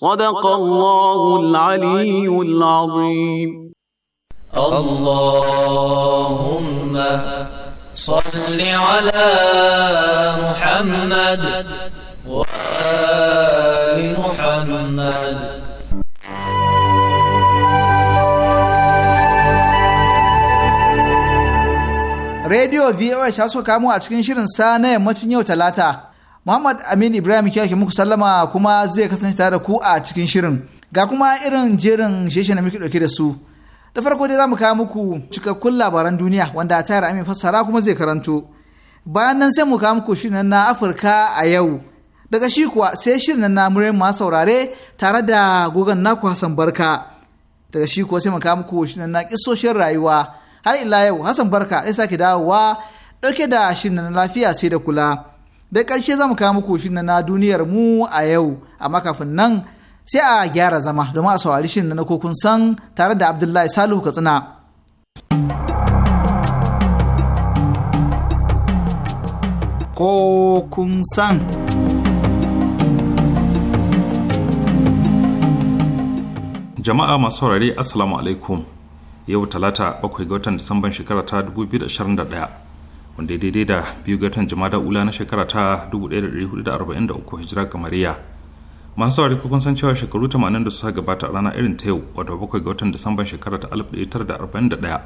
صدق الله العلي العظيم اللهم صل على محمد وآل محمد Radio VOH ya so kamo a cikin shirin sa na yammacin yau talata Muhammad Amin Ibrahim ke muku sallama kuma zai kasance tare da ku a cikin shirin. Ga kuma irin jerin sheshe na muke dauke da su. Da farko dai zamu kawo muku cikakkun labaran duniya wanda a tayar Amin fassara kuma zai karanto. Bayan nan sai mu kawo muku shirin na Afirka a yau. Daga shi kuwa sai shirin na muryar ma saurare tare da gogon naku Hassan Barka. Daga shi kuwa sai mu kawo muku shirin na kisoshin rayuwa. Har ila yau Hassan Barka sai sake dawowa dauke da shirin na lafiya sai da kula. da ƙarshe zamu kawo muku shi na duniyar mu a yau amma kafin nan sai a gyara zama domin a saurari shin na kokun san tare da abdullahi salihu katsina kokun san jama'a masu saurari assalamu alaikum yau talata bakwai ga watan disamban shekara ta 2021 wanda ya daidai da biyu ga watan jama'a ula na shekara ta 1443 hijira kamariya masu saurari kun san cewa shekaru 80 da suka gabata a rana irin ta yau wato bakwai ga watan disamban shekara ta 1941 a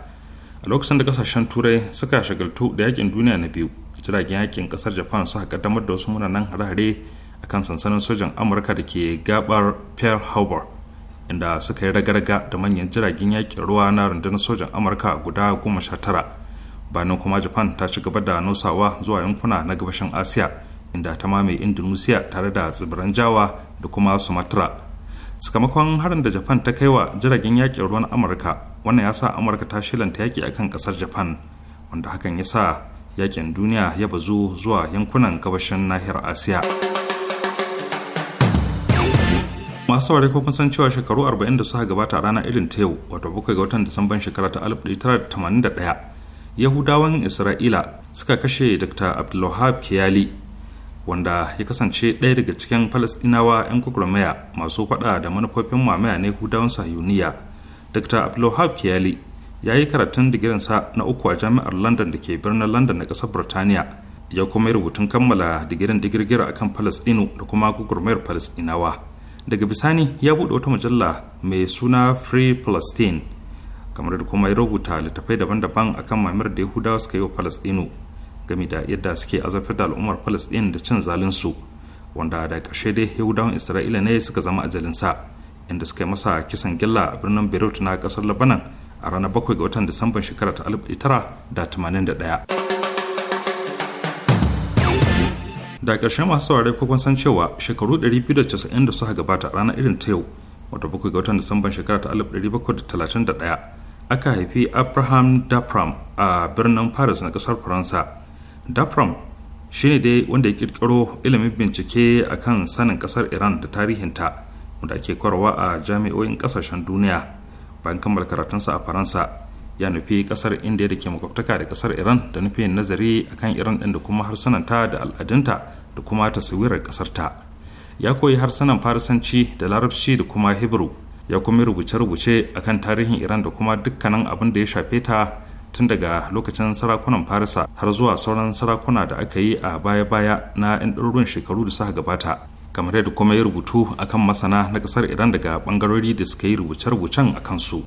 lokacin da kasashen turai suka shagaltu da yakin duniya na biyu jiragen yakin kasar japan suka kaddamar da wasu munanan hare-hare a kan sansanin sojan amurka da ke gabar pearl harbor inda suka yi raga-raga da manyan jiragen yakin ruwa na rundunar sojan amurka guda goma sha tara bayan kuma japan ta ci gaba da nosawa zuwa yankuna na gabashin asiya inda ta mame indonesia tare da tsibiran jawa da kuma sumatra sakamakon harin da japan ta kai wa jiragen yakin ruwan amurka wannan ya sa amurka ta shilanta yaki akan kasar japan wanda hakan ya sa yakin duniya ya bazu zuwa yankunan gabashin nahiyar asiya masu saurari san cewa shekaru 40 da suka gabata a rana irin ta yau wato buka ga watan disamban shekara ta 1981 yahudawan isra'ila suka kashe dr abdulwahab kiyali wanda ya kasance ɗaya daga cikin falasɗinawa 'yan gwagwarmaya masu faɗa da manufofin mamaya na yahudawan sahiyuniya dr abdulwahab kiyali ya yi karatun digirinsa na uku a jami'ar london da ke birnin london na ƙasar burtaniya ya kuma yi rubutun kammala digirin digirgir akan falasɗinu da kuma gwagwarmayar falasɗinawa daga bisani ya buɗe wata mujalla mai suna free palestine kamar da kuma ya rubuta littafai daban-daban a kan mamar da yahudawa suka yi wa falastinu game da yadda suke azabtar da al'ummar falastin da cin zalinsu wanda da ƙarshe dai yahudawan isra'ila ne suka zama ajalinsa inda suka yi masa kisan gilla a birnin beirut na ƙasar labanan a ranar bakwai ga watan disamban shekara ta tara da da da ƙarshen masu saurare ko san cewa shekaru 290 da suka gabata ranar irin ta yau wata bakwai ga watan disamban shekara ta 1731 aka haifi abraham dapram a birnin paris na kasar faransa dapram shine dai wanda ya kirkiro ilimin bincike a kan sanin kasar iran da tarihinta wanda ake kwarwa a jami'o'in kasashen duniya bayan kammala karatunsa a faransa ya nufi kasar india da ke makwabtaka da kasar iran da nufin nazari akan iran din da kuma harsunanta da al'adunta da kuma taswirar kasarta ya koyi harsunan farisanci da larabci da kuma hebrew ya kuma rubuce-rubuce akan tarihin iran da kuma dukkanin abin da ya shafe ta tun daga lokacin sarakunan farisa har zuwa sauran sarakuna da aka yi a baya-baya na 'yan ɗaruruwan shekaru da suka gabata kamar yadda kuma ya rubutu akan masana na ƙasar iran daga bangarori da suka yi rubuce-rubucen a kansu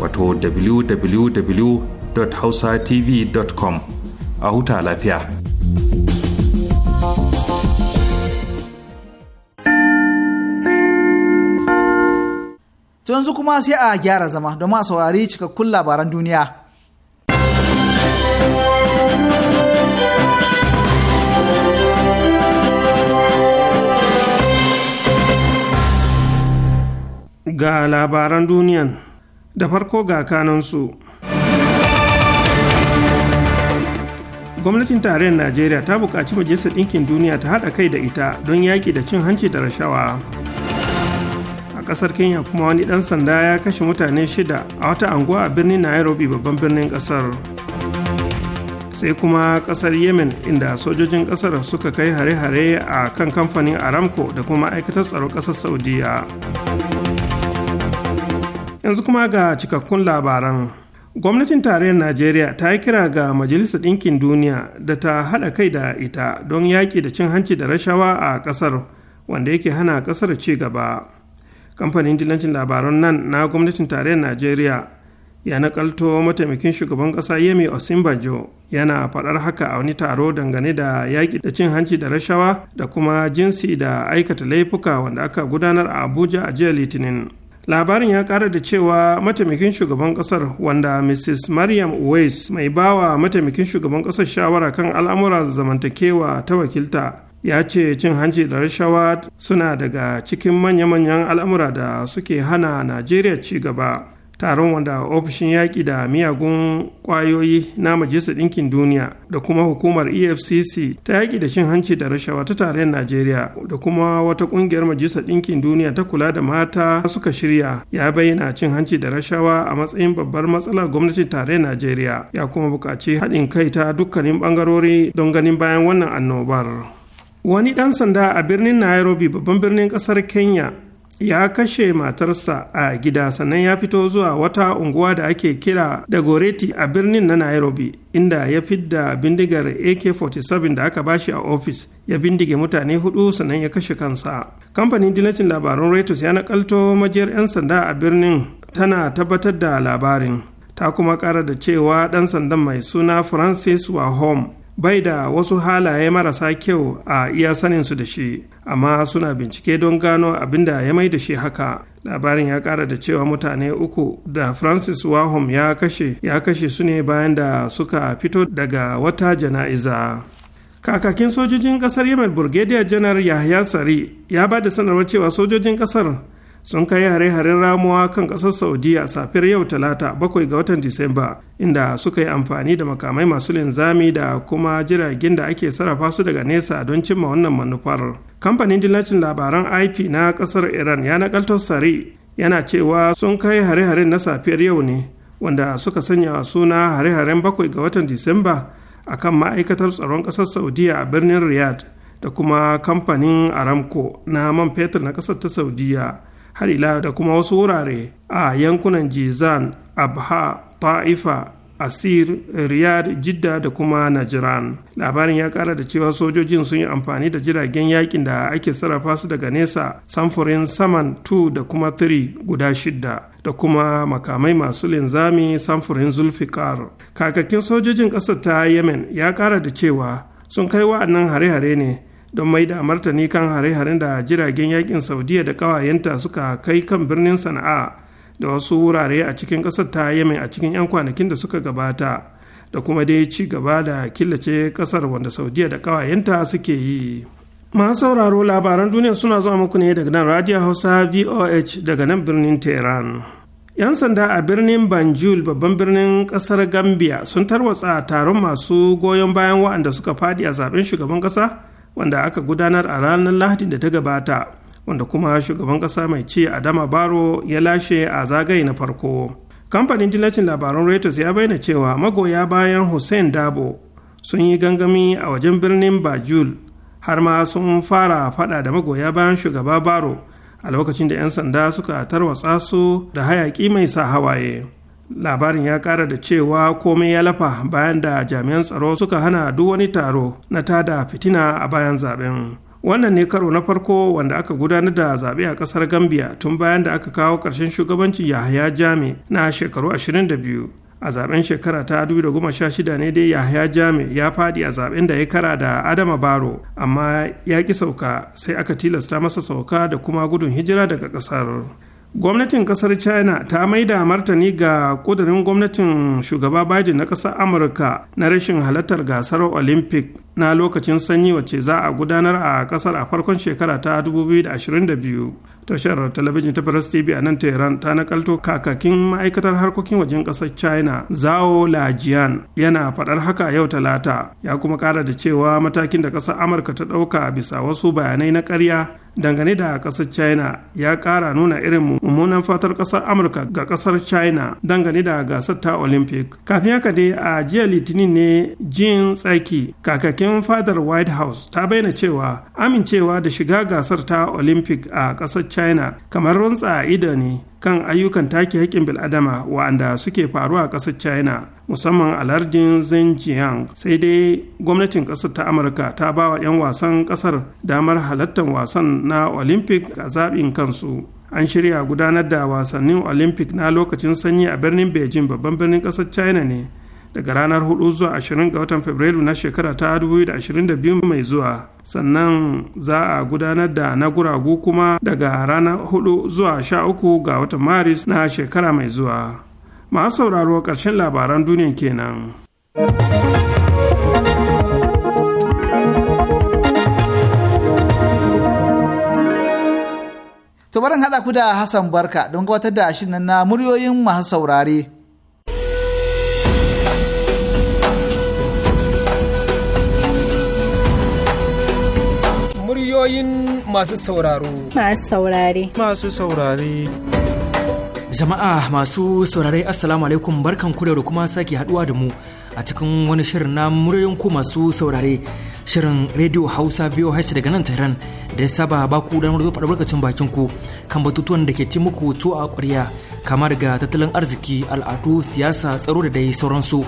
wato www.hausatv.com a huta lafiya. tunzu kuma sai a gyara zama don a saurari cikakkun labaran duniya. Ga labaran duniyan da farko ga kanansu gwamnatin tarayyar najeriya ta buƙaci majalisar ɗinkin duniya ta haɗa kai da ita don yaƙi da cin hanci da rashawa a ƙasar kenya kuma wani 'dan sanda ya kashe mutane shida a wata anguwa a birnin nairobi babban birnin ƙasar sai kuma ƙasar yemen inda sojojin ƙasar suka kai hare-hare a kan kamfanin aramco da kuma ma'aikatar tsaron ƙasar saudiya yanzu kuma ga cikakkun labaran gwamnatin tarayyar najeriya ta yi kira ga majalisar ɗinkin duniya da ta haɗa kai da ita don yaƙi da cin hanci da rashawa a ƙasar wanda yake hana ƙasar ci gaba kamfanin dilancin labaran nan na gwamnatin tarayyar najeriya ya nakalto mataimakin shugaban ƙasa yemi osimbajo yana faɗar haka a wani taro dangane da yaƙi da cin hanci da rashawa da kuma jinsi da aikata laifuka wanda aka gudanar a abuja a jiya litinin labarin ya kara da cewa mataimakin shugaban kasar wanda mrs mariam owais mai bawa mataimakin shugaban kasar shawara kan al'amura zamantakewa ta wakilta ya ce cin hanci da rashawa suna daga cikin manya-manyan al'amura da suke hana najeriya ci gaba taron wanda ofishin yaƙi da miyagun ƙwayoyi na majalisar ɗinkin duniya da kuma hukumar efcc ta yaƙi da cin hanci da rashawa ta tarayyar najeriya da kuma wata ƙungiyar majalisar ɗinkin duniya ta kula da mata suka shirya ya bayyana cin hanci da rashawa a matsayin babbar matsalar gwamnatin tarayyar najeriya ya kuma buƙaci haɗin kai ta dukkanin ɓangarori don ganin bayan wannan annobar wani dan sanda a birnin nairobi babban birnin ƙasar kenya ya kashe matarsa a gida sannan ya fito zuwa wata unguwa da ake kira da goreti a birnin na nairobi inda ya fidda bindigar ak-47 da aka bashi a ofis ya bindige mutane hudu sannan ya kashe kansa kamfanin dinacin labarun reuters ya nakalto majiyar 'yan sanda a birnin tana tabbatar da labarin ta kuma kara da cewa dan sandan mai suna francis wahom bai da wasu halaye marasa kyau a iya saninsu da shi amma suna bincike don gano abin da ya mai da shi haka labarin ya kara da cewa mutane uku da francis wahom ya kashe ya kashe su ne bayan da suka fito daga wata jana'iza kakakin sojojin kasar yemen brigadier janar yahya sari ya ba da sanarwar cewa sojojin kasar sun kai hare-haren ramuwa kan ƙasar saudiya safiyar yau talata bakwai ga watan disamba inda suka yi amfani da makamai masu linzami da kuma jiragen da ake sarrafa su daga nesa don cimma wannan manufar kamfanin dillacin labaran ip na ƙasar iran ya nakaltar sari yana cewa sun kai hare-haren na safiyar yau ne wanda suka sanya suna hare-haren bakwai ga watan disamba akan ma'aikatar tsaron ƙasar saudiya a birnin riyadh da kuma kamfanin aramco na man fetur na ƙasar ta saudiya har ila da kuma wasu wurare a yankunan jizan abha ta'ifa asir riyad jidda da kuma najran labarin ya kara da cewa sojojin sun yi amfani da jiragen yakin da ake sarrafa su daga nesa samfurin saman 2 da kuma 3 guda shidda da kuma makamai masu linzami samfurin zulfikar kakakin sojojin ƙasa ta yemen ya kara da cewa sun kai wa'annan hare-hare ne don mai da martani kan hare-haren da jiragen yakin saudiya da kawayenta suka kai kan birnin sana'a da wasu wurare a cikin ƙasar ta yamin a cikin 'yan kwanakin da suka gabata da kuma dai ci gaba da killace ƙasar wanda saudiya da kawayenta suke yi masu sauraro labaran duniya suna zuwa muku ne daga nan radio hausa voh daga nan birnin tehran 'yan sanda a birnin banjul babban birnin kasar gambia sun tarwatsa taron masu goyon bayan wa'anda suka fadi a zaben shugaban ƙasa? wanda aka gudanar a ranar lahadin da ta gabata wanda kuma shugaban ƙasa mai ci adama baro ya lashe a zagaye na farko kamfanin dillacin labaran reuters ya bayyana cewa magoya bayan hussein dabo sun yi gangami a wajen birnin bajul har ma sun fara fada da magoya bayan shugaba baro a lokacin da 'yan sanda suka tarwatsa su da hayaki mai sa hawaye labarin ya kara da cewa komai ya lafa bayan da jami'an tsaro suka hana duk wani taro na tada fitina a bayan zaben wannan ne karo na farko wanda aka gudanar da zaɓe a ƙasar gambia tun bayan da aka kawo ƙarshen shugabancin yahaya jami na shekaru 22 a zaben shekara ta 2016 ne dai yahaya jami ya fadi a zaben da ya kara da adama baro amma ya ƙi sauka sai aka tilasta masa sauka da kuma gudun hijira daga ƙasar gwamnatin kasar china ta maida martani ga kudurin gwamnatin shugaba biden na kasar amurka na rashin halartar gasar olympic na lokacin sanyi wacce za a gudanar a kasar a farkon shekara ta 2022 tashar talabijin ta press tv a nan tehran ta nakalto kakakin ma'aikatar harkokin wajen kasar china zao lajian yana fadar haka yau talata ya kuma kara da cewa matakin da kasar amurka ta dauka bisa wasu bayanai na karya. dangane da kasar china ya kara nuna irin mummunan fatar kasar amurka ga kasar china dangane da gasar ta olympic kafin haka dai a jiya litinin ne jin tsaki kakakin fadar white house ta bayyana cewa amincewa da shiga gasar ta olympic a kasar china kamar runtsa ido ne kan ayyukan take haƙƙin bil'adama wa'anda suke faruwa a ƙasar china musamman a lardin Xinjiang sai dai gwamnatin ƙasar ta Amurka ta ba wa 'yan wasan ƙasar damar halartar wasan na Olympic a zaɓin kansu. An shirya gudanar da wasannin Olympic na lokacin sanyi a birnin Beijing babban birnin ƙasar China ne. daga ranar 4 zuwa 20 ga watan fabrairu na shekara ta 2022 mai zuwa sannan za a gudanar da na guragu kuma daga ranar 4 zuwa 13 ga watan maris na shekara mai zuwa masu sauraro ƙarshen labaran duniya kenan. To barin haɗa ku da Hassan Barka don gabatar da shirin na muryoyin masu saurare. ra'ayoyin masu sauraro. Masu saurare. Masu saurare. Jama'a masu saurare Assalamu alaikum barkan ku da kuma sake haduwa da mu a cikin wani shirin na muryoyin ku masu saurare. Shirin Radio Hausa biyo hashi daga nan Tehran da ya saba ba ku rufe faɗa barkacin bakin ku kan batutuwan da ke ci muku tuwo a ƙwarya kamar ga tattalin arziki, al'adu, siyasa, tsaro da dai sauransu.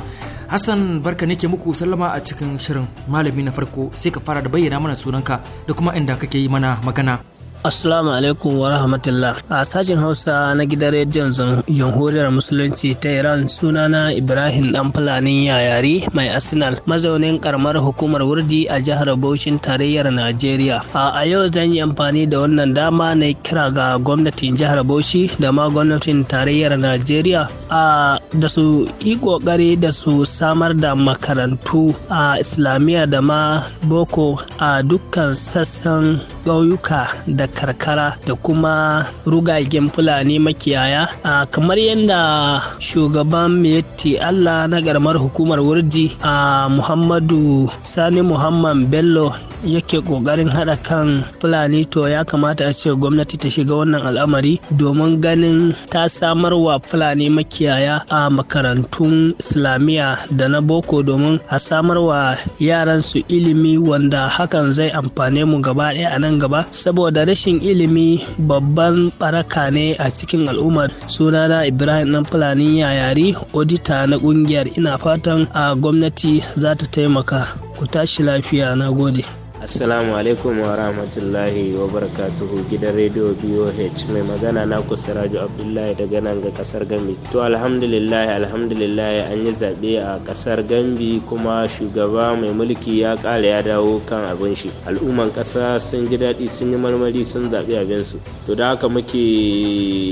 Hassan barka nake muku sallama a cikin shirin malami na farko sai ka fara da bayyana mana sunanka da kuma inda kake yi mana magana. Assalamu alaikum wa rahmatullah. A sashen Hausa na gidan rediyon Jamhuriyar Musulunci ta Iran sunana Ibrahim Dan Fulani Yayari mai Arsenal mazaunin karamar hukumar Wurdi a jihar Bauchin tarayyar Najeriya. A yau zan yi amfani da wannan dama na kira ga gwamnatin jihar Bauchi da ma gwamnatin tarayyar Najeriya a da su yi kokari da su samar da makarantu a Islamiyya da ma Boko a dukkan sassan ƙauyuka da karkara da kuma rugagen fulani makiyaya a kamar yadda shugaban miyatti allah na garmar hukumar wurji a muhammadu sani muhammad bello yake kokarin hada kan fulani to ya kamata a ce gwamnati ta shiga wannan al'amari domin ganin ta samar wa fulani makiyaya a makarantun islamiyya da na boko domin a samar wa yaran su ilimi wanda hakan zai amfane mu gaba ɗaya a nan gaba saboda rashin ilimi babban baraka ne a cikin al'ummar sunana ibrahim dan fulani yayari odita na kungiyar ina fatan a gwamnati za ta taimaka ku tashi lafiya na gode Assalamu alaikum wa rahmatullahi wa barakatuhu gidan rediyo BOH mai magana na Siraju Abdullahi daga nan ga kasar Gambi. To alhamdulillah alhamdulillah an yi zaɓe a kasar Gambi kuma shugaba mai mulki ya ƙara ya dawo kan abin shi. Al'umman ƙasa sun ji daɗi sun yi marmari sun zaɓi abinsu. To da haka muke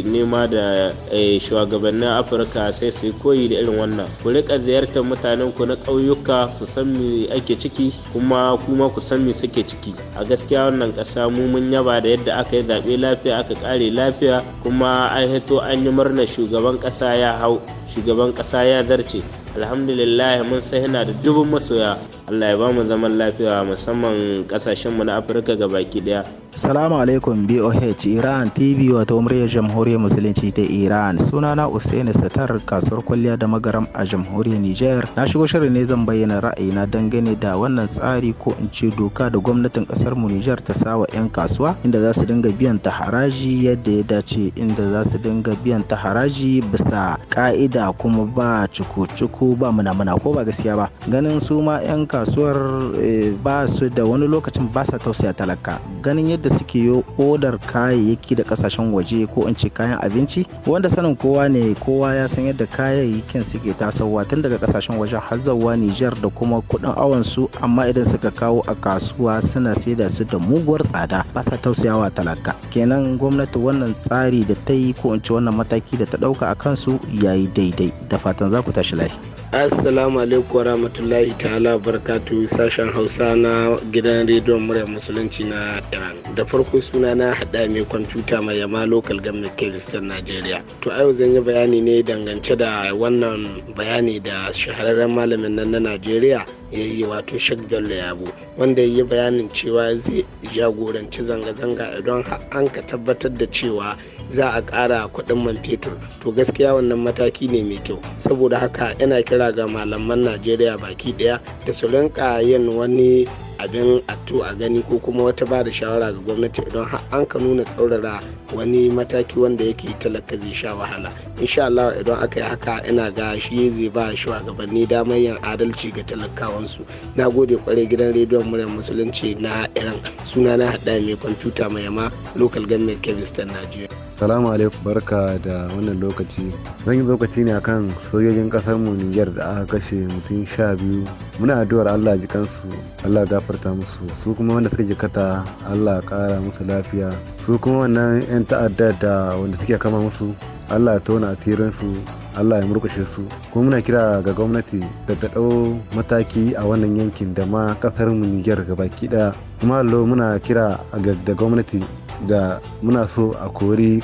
nema da eh, shugabannin Afirka sai su koyi da irin wannan. Ku riƙa ziyartar mutanen ku na ƙauyuka su san me ake ciki kuma kuma ku san me suke ciki a gaskiya wannan kasa mu mun yaba da yadda aka yi zaɓe lafiya aka ƙare lafiya kuma an hito an yi murnar shugaban ƙasa ya hau shugaban ƙasa ya zarce alhamdulillah mun san yana da dubun masoya allah ya bamu zaman lafiya musamman ƙasashenmu na afirka ga baki daya Salamu alaikum BOH Iran TV wato muryar jamhuriyar musulunci ta Iran sunana Usaini Satar kasuwar kwalliya da magaram a jamhuriyar Nijar na shigo shirin ne zan bayyana ra'ayina dangane da wannan tsari ko in ce doka da gwamnatin kasar mu Nijar ta sawa 'yan kasuwa inda za su dinga biyan ta haraji yadda ya dace inda za su dinga biyan ta haraji bisa ka'ida da kuma ba cuku-cuku ba muna-muna ko ba gaskiya ba ganin su ma 'yan kasuwar eh, ba su da wani lokacin ba sa tausaya talaka ganin yadda suke yi odar kayayyaki da kasashen waje ko in ce kayan abinci wanda sanin kowa ne kowa ya san yadda kayayyakin suke tasowa tun daga kasashen waje har zawa Nijar da kuma kudin awon su amma idan suka kawo a kasuwa suna saida su da muguwar tsada ba sa tausayawa talaka kenan gwamnati wannan tsari da ta yi ko in ce wannan mataki da ta dauka a kansu yayi dai daidai da fatan za ku tashi lafiya. assalamu alaikum warahmatullahi ta'ala barkatu sashen hausa na gidan rediyon murya musulunci na iran da farko suna na hada mai kwamfuta mai yama local government kiristan nigeria to a yau zan yi bayani ne dangance da wannan bayani da shahararren malamin nan na nigeria ya yi wato shagdal da yabo wanda ya yi bayanin cewa zai jagoranci zanga-zanga idan an ka tabbatar da cewa za a ƙara kuɗin man fetur to gaskiya wannan mataki ne mai kyau saboda haka yana kira ga malaman najeriya baki ɗaya da su rinka yin wani abin atto a gani ko kuma wata ba da shawara ga gwamnati idan an ka nuna tsaurara wani mataki wanda yake talaka zai sha wahala insha Allah idan aka yi haka ina ga shi zai ba shugabanni damar yin adalci ga talakawansu na gode kwarai gidan rediyon muryar musulunci na iran suna na hada mai kwamfuta mai yama local government kevistan najeriya salamu alaikum barka da wannan lokaci zan yi lokaci ne akan sojojin kasar mu niger da aka kashe mutum sha biyu muna addu'ar allah jikansu allah gafar gafarta musu su kuma wanda suka jikata allah kara musu lafiya su kuma wannan 'yan ta'adda da wanda suke kama musu allah tona su allah ya murkushe su kuma muna kira ga gwamnati da ta ɗau mataki a wannan yankin da ma ƙasar mu niger gabaki ɗaya kuma muna kira ga gwamnati da muna so a kori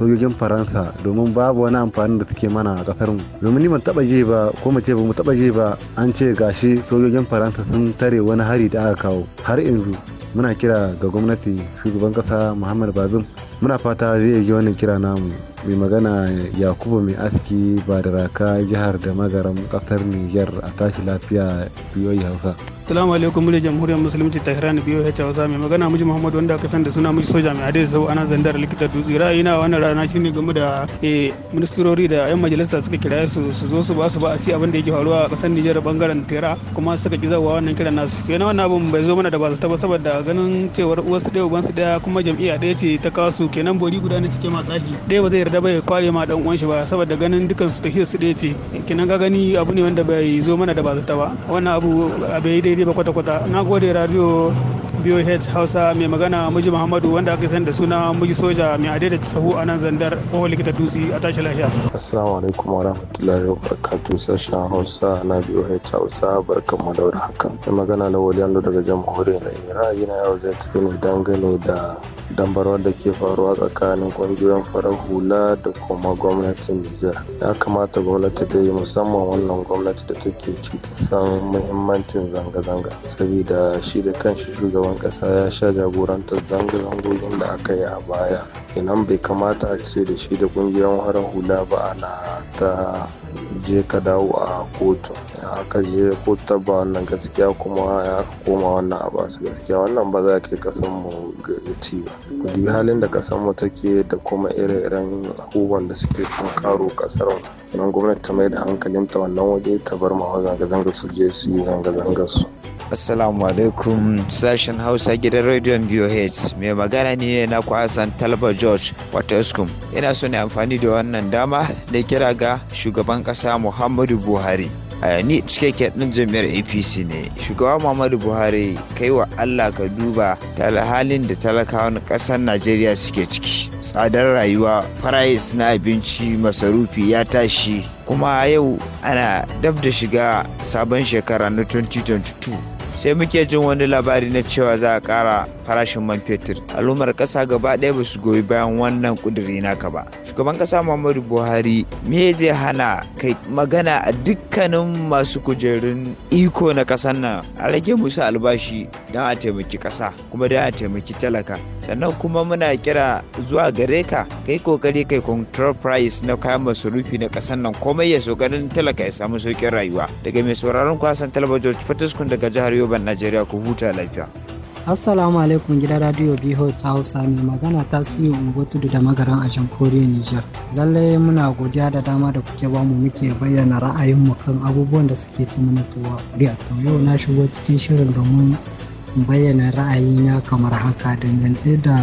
sojojin faransa domin babu wani amfani da suke mana a kasar mu domin ni ban taba je ba ko mu ce ba mu taba je ba an ce gashi sojojin faransa sun tare wani hari da aka kawo har yanzu muna kira ga gwamnati shugaban kasa muhammad bazum muna fata zai yi wannan kira namu mai magana yakubu mai aski ba da raka jihar da magaram kasar niger a tashi lafiya biyoyi hausa Assalamu alaikum mu jamhuriyar musulunci Tehran biyu ya cewa wasa mai magana muji Muhammad wanda aka san da suna miji soja mai adai sau ana zandar likita dutse ra'ayina wannan rana shi ne game da eh, ministrori da yan majalisa suka kira su su zo su ba su ba a si abin da yake faruwa a kasar Nijar bangaren Tera kuma suka ki zauwa wannan kiran nasu kenan wannan abin bai zo mana da ba zata ba saboda ganin cewar wasu ɗaya ubansu ɗaya kuma jam'iyya ɗaya ce ta kawo su kenan bori guda ne suke matsashi ɗaya ba zai yarda ba ya kware ma ɗan uwan shi ba saboda ganin dukan su tafiyar su ɗaya ce kenan ka gani abu ne wanda bai zo mana da ba zata ba wannan abu bai daidai rediyo ba kwata-kwata na gode radio BOH Hausa mai magana miji Muhammadu wanda aka sani da suna Muji Soja mai adai da sahu a nan zandar ko likita dutse a tashi lafiya. Assalamu alaikum wa rahmatullahi wa barakatuh sashen Hausa na BOH Hausa mu da haka. Mai magana na Yando daga jamhuriyar Ra'ayi na yau zai tafi ne dangane da dambarwar da ke faruwa tsakanin kungiyoyin farar hula da kuma gwamnatin Nijar. Ya kamata gwamnati ta yi musamman wannan gwamnati da take ke cikin san muhimmancin zanga-zanga saboda shi da kanshi shugaban shugaban kasa ya sha jagorantar zanga-zangogin da aka yi a baya inan bai kamata a ce da shi da kungiyar harar hula ba ana ta je ka dawo a kotu aka je kotu ba wannan gaskiya kuma ya koma wannan a basu gaskiya wannan ba za kai kasan mu ga ci ba kudi halin da kasan mu take da kuma ire-iren abubuwan da suke kan karo kasar mu gwamnati ta mai da hankalinta wannan waje ta bar ma zanga-zanga su je su yi zanga zangar su Assalamu alaikum sashen Hausa gidan rediyon BOH mai magana ne na kwasan Talba George Waterskum. Ina so ne amfani da wannan dama da kira ga shugaban ƙasa Muhammadu Buhari. a ni cikakken ɗin jami'ar apc ne shugaba muhammadu buhari kai wa allah ka duba halin da talakawan ƙasar najeriya suke ciki tsadar rayuwa farayis na abinci masarufi ya tashi kuma yau ana dab da shiga sabon shekara na 2022 sai muke jin wani labari na cewa za a kara farashin man fetur al'ummar kasa gaba ɗaya ba su goyi bayan wannan na ka ba shugaban kasa muhammadu buhari me zai hana kai magana a dukkanin masu kujerun iko na kasan nan a rage musu albashi don a taimaki kasa kuma don a taimaki talaka sannan kuma muna kira zuwa gare ka kai kokari kai control price na kayan masarufi na kasan nan komai ya so talaka ya samu sauƙin rayuwa daga mai sauraron kwasan talabijin fataskun daga jihar yoban najeriya ku huta lafiya assalamu alaikum gidan radio biho ta hausa mai magana ta siyo ungo da magaran a jamhuriyar nijar lallai muna godiya da dama da kuke ba mu muke bayyana mu kan abubuwan da suke ta mana tuwa to yau na shigo cikin shirin domin bayyana ra'ayina kamar haka dangance da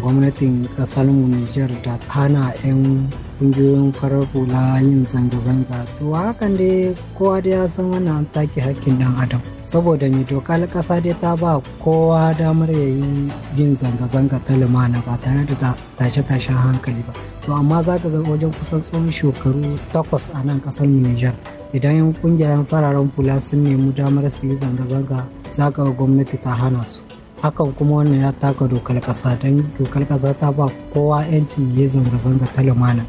gwamnatin mu Nijar da hana 'yan ƙungiyoyin farar hula yin zanga-zanga to hakan dai kowa da ya san ana take hakkin ɗan adam saboda mai dokar kasa dai ta ba kowa damar ya yi yin zanga-zanga ta lumana ba tare da tashe-tashen hankali ba to amma za ka ga wajen kusan tsawon shekaru takwas a nan kasar Nijar idan yan kungiyoyin fararen hula sun nemi damar su yi zanga-zanga za ka ga gwamnati ta hana su hakan kuma wannan ya taka dokar kasa don dokar kasa ta ba kowa 'yancin ya zanga-zanga ta lumana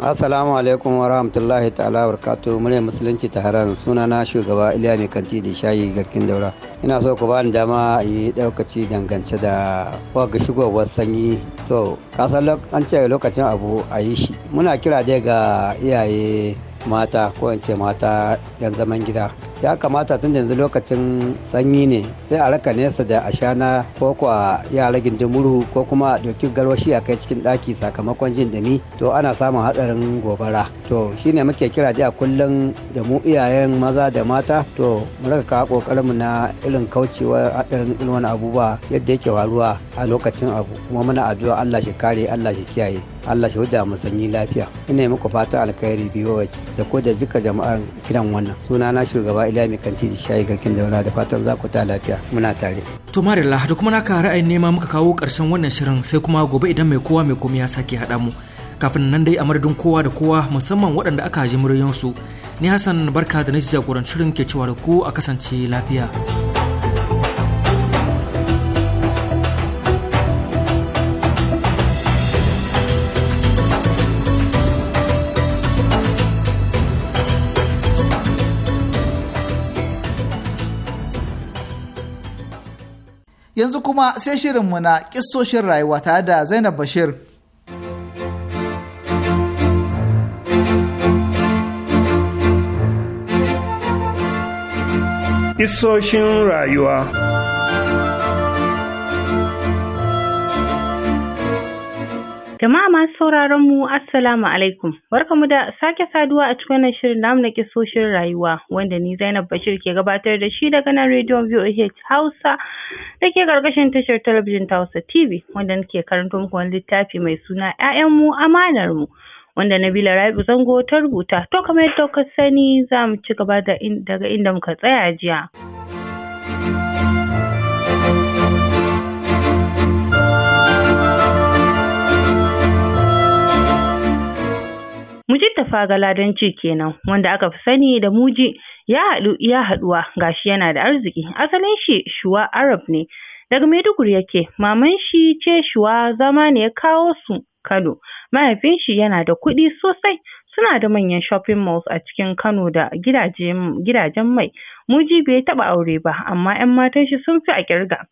Assalamu alaikum wa rahmatullahi ta'ala wa barakatuh murya musulunci taharan suna na shugaba Iliya mai kanti da shayi garkin daura ina so ku bani dama a yi daukaci dangance da waga shigowar sanyi to kasar an ce lokacin abu a yi shi muna kira dai ga iyaye mata ko ce mata yan zaman gida ya kamata tun yanzu lokacin sanyi ne sai a raka nesa da ashana ko ko a yara gindin murhu ko kuma a ɗauki garwashi a kai cikin ɗaki sakamakon jin dumi to ana samun hatsarin gobara to shine muke kira da kullum da mu iyayen maza da mata to mu raka kawo kokarin mu na irin kaucewa hatsarin irin wani abubuwa yadda yake waruwa a lokacin abu kuma muna addu'a Allah shi kare Allah shi kiyaye Allah shi huda mu sanyi lafiya ina muku fatan alkhairi biyo da ko da jika jama'an kiran wannan sunana shugaba ila mai kanti da shayi garkin da da fatan za ku ta lafiya muna tare. to marilla da kuma naka ra'ayin nema muka kawo ƙarshen wannan shirin sai kuma gobe idan mai kowa mai komai ya sake haɗa mu kafin nan dai a madadin kowa da kowa musamman waɗanda aka ji muryoyinsu ni hassan barka da na jagorancin shirin ke cewa da ku a kasance lafiya. yanzu kuma sai shirinmu na kissoshin rayuwa tare da zainab bashir Kisoshin rayuwa Jama'a masu sauraron mu Assalamu alaikum. Barkamu da sake saduwa a cikin wannan shirin namu na kisoshin rayuwa wanda ni Zainab Bashir ke gabatar da shi daga nan Radio VOH Hausa da ke karkashin tashar talabijin ta Hausa TV wanda nake karanto muku wani littafi mai suna ‘Ya'yan mu amanar mu wanda Nabila Rabi Zango ta rubuta. To kamar yadda ka sani za mu ci gaba daga inda muka tsaya jiya. Mujid Galadanci kenan wanda aka fi sani da Muji ya haɗu ya haɗuwa gashi yana da arziki asalin shi Shuwa Arab ne daga Maiduguri yake maman shi ce Shuwa zama ne ya kawo su Kano mahaifin shi yana da kuɗi sosai suna da manyan shopping malls a cikin Kano da gidajen mai Muji bai taɓa aure ba amma 'yan matan shi sun fi a kirga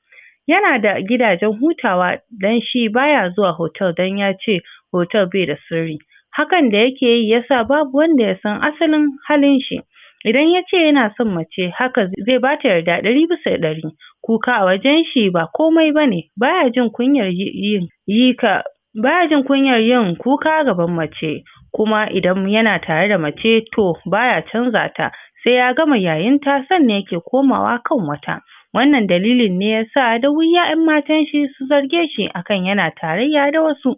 yana da gidajen hutawa dan shi baya zuwa hotel dan ya ce hotel bai da sirri hakan da yake yi yasa babu wanda ya san asalin halin shi idan ya ce yana son mace haka zai bata yarda ɗari bisa ɗari kuka a wajen shi ba komai bane baya jin kunyar yin yi ka baya jin kunyar yin kuka gaban mace kuma idan yana tare da mace to baya canza ta sai ya gama yayin ta sannan yake komawa kan wata wannan dalilin ne yasa da wuya 'yan matan shi su zarge shi akan yana tarayya da wasu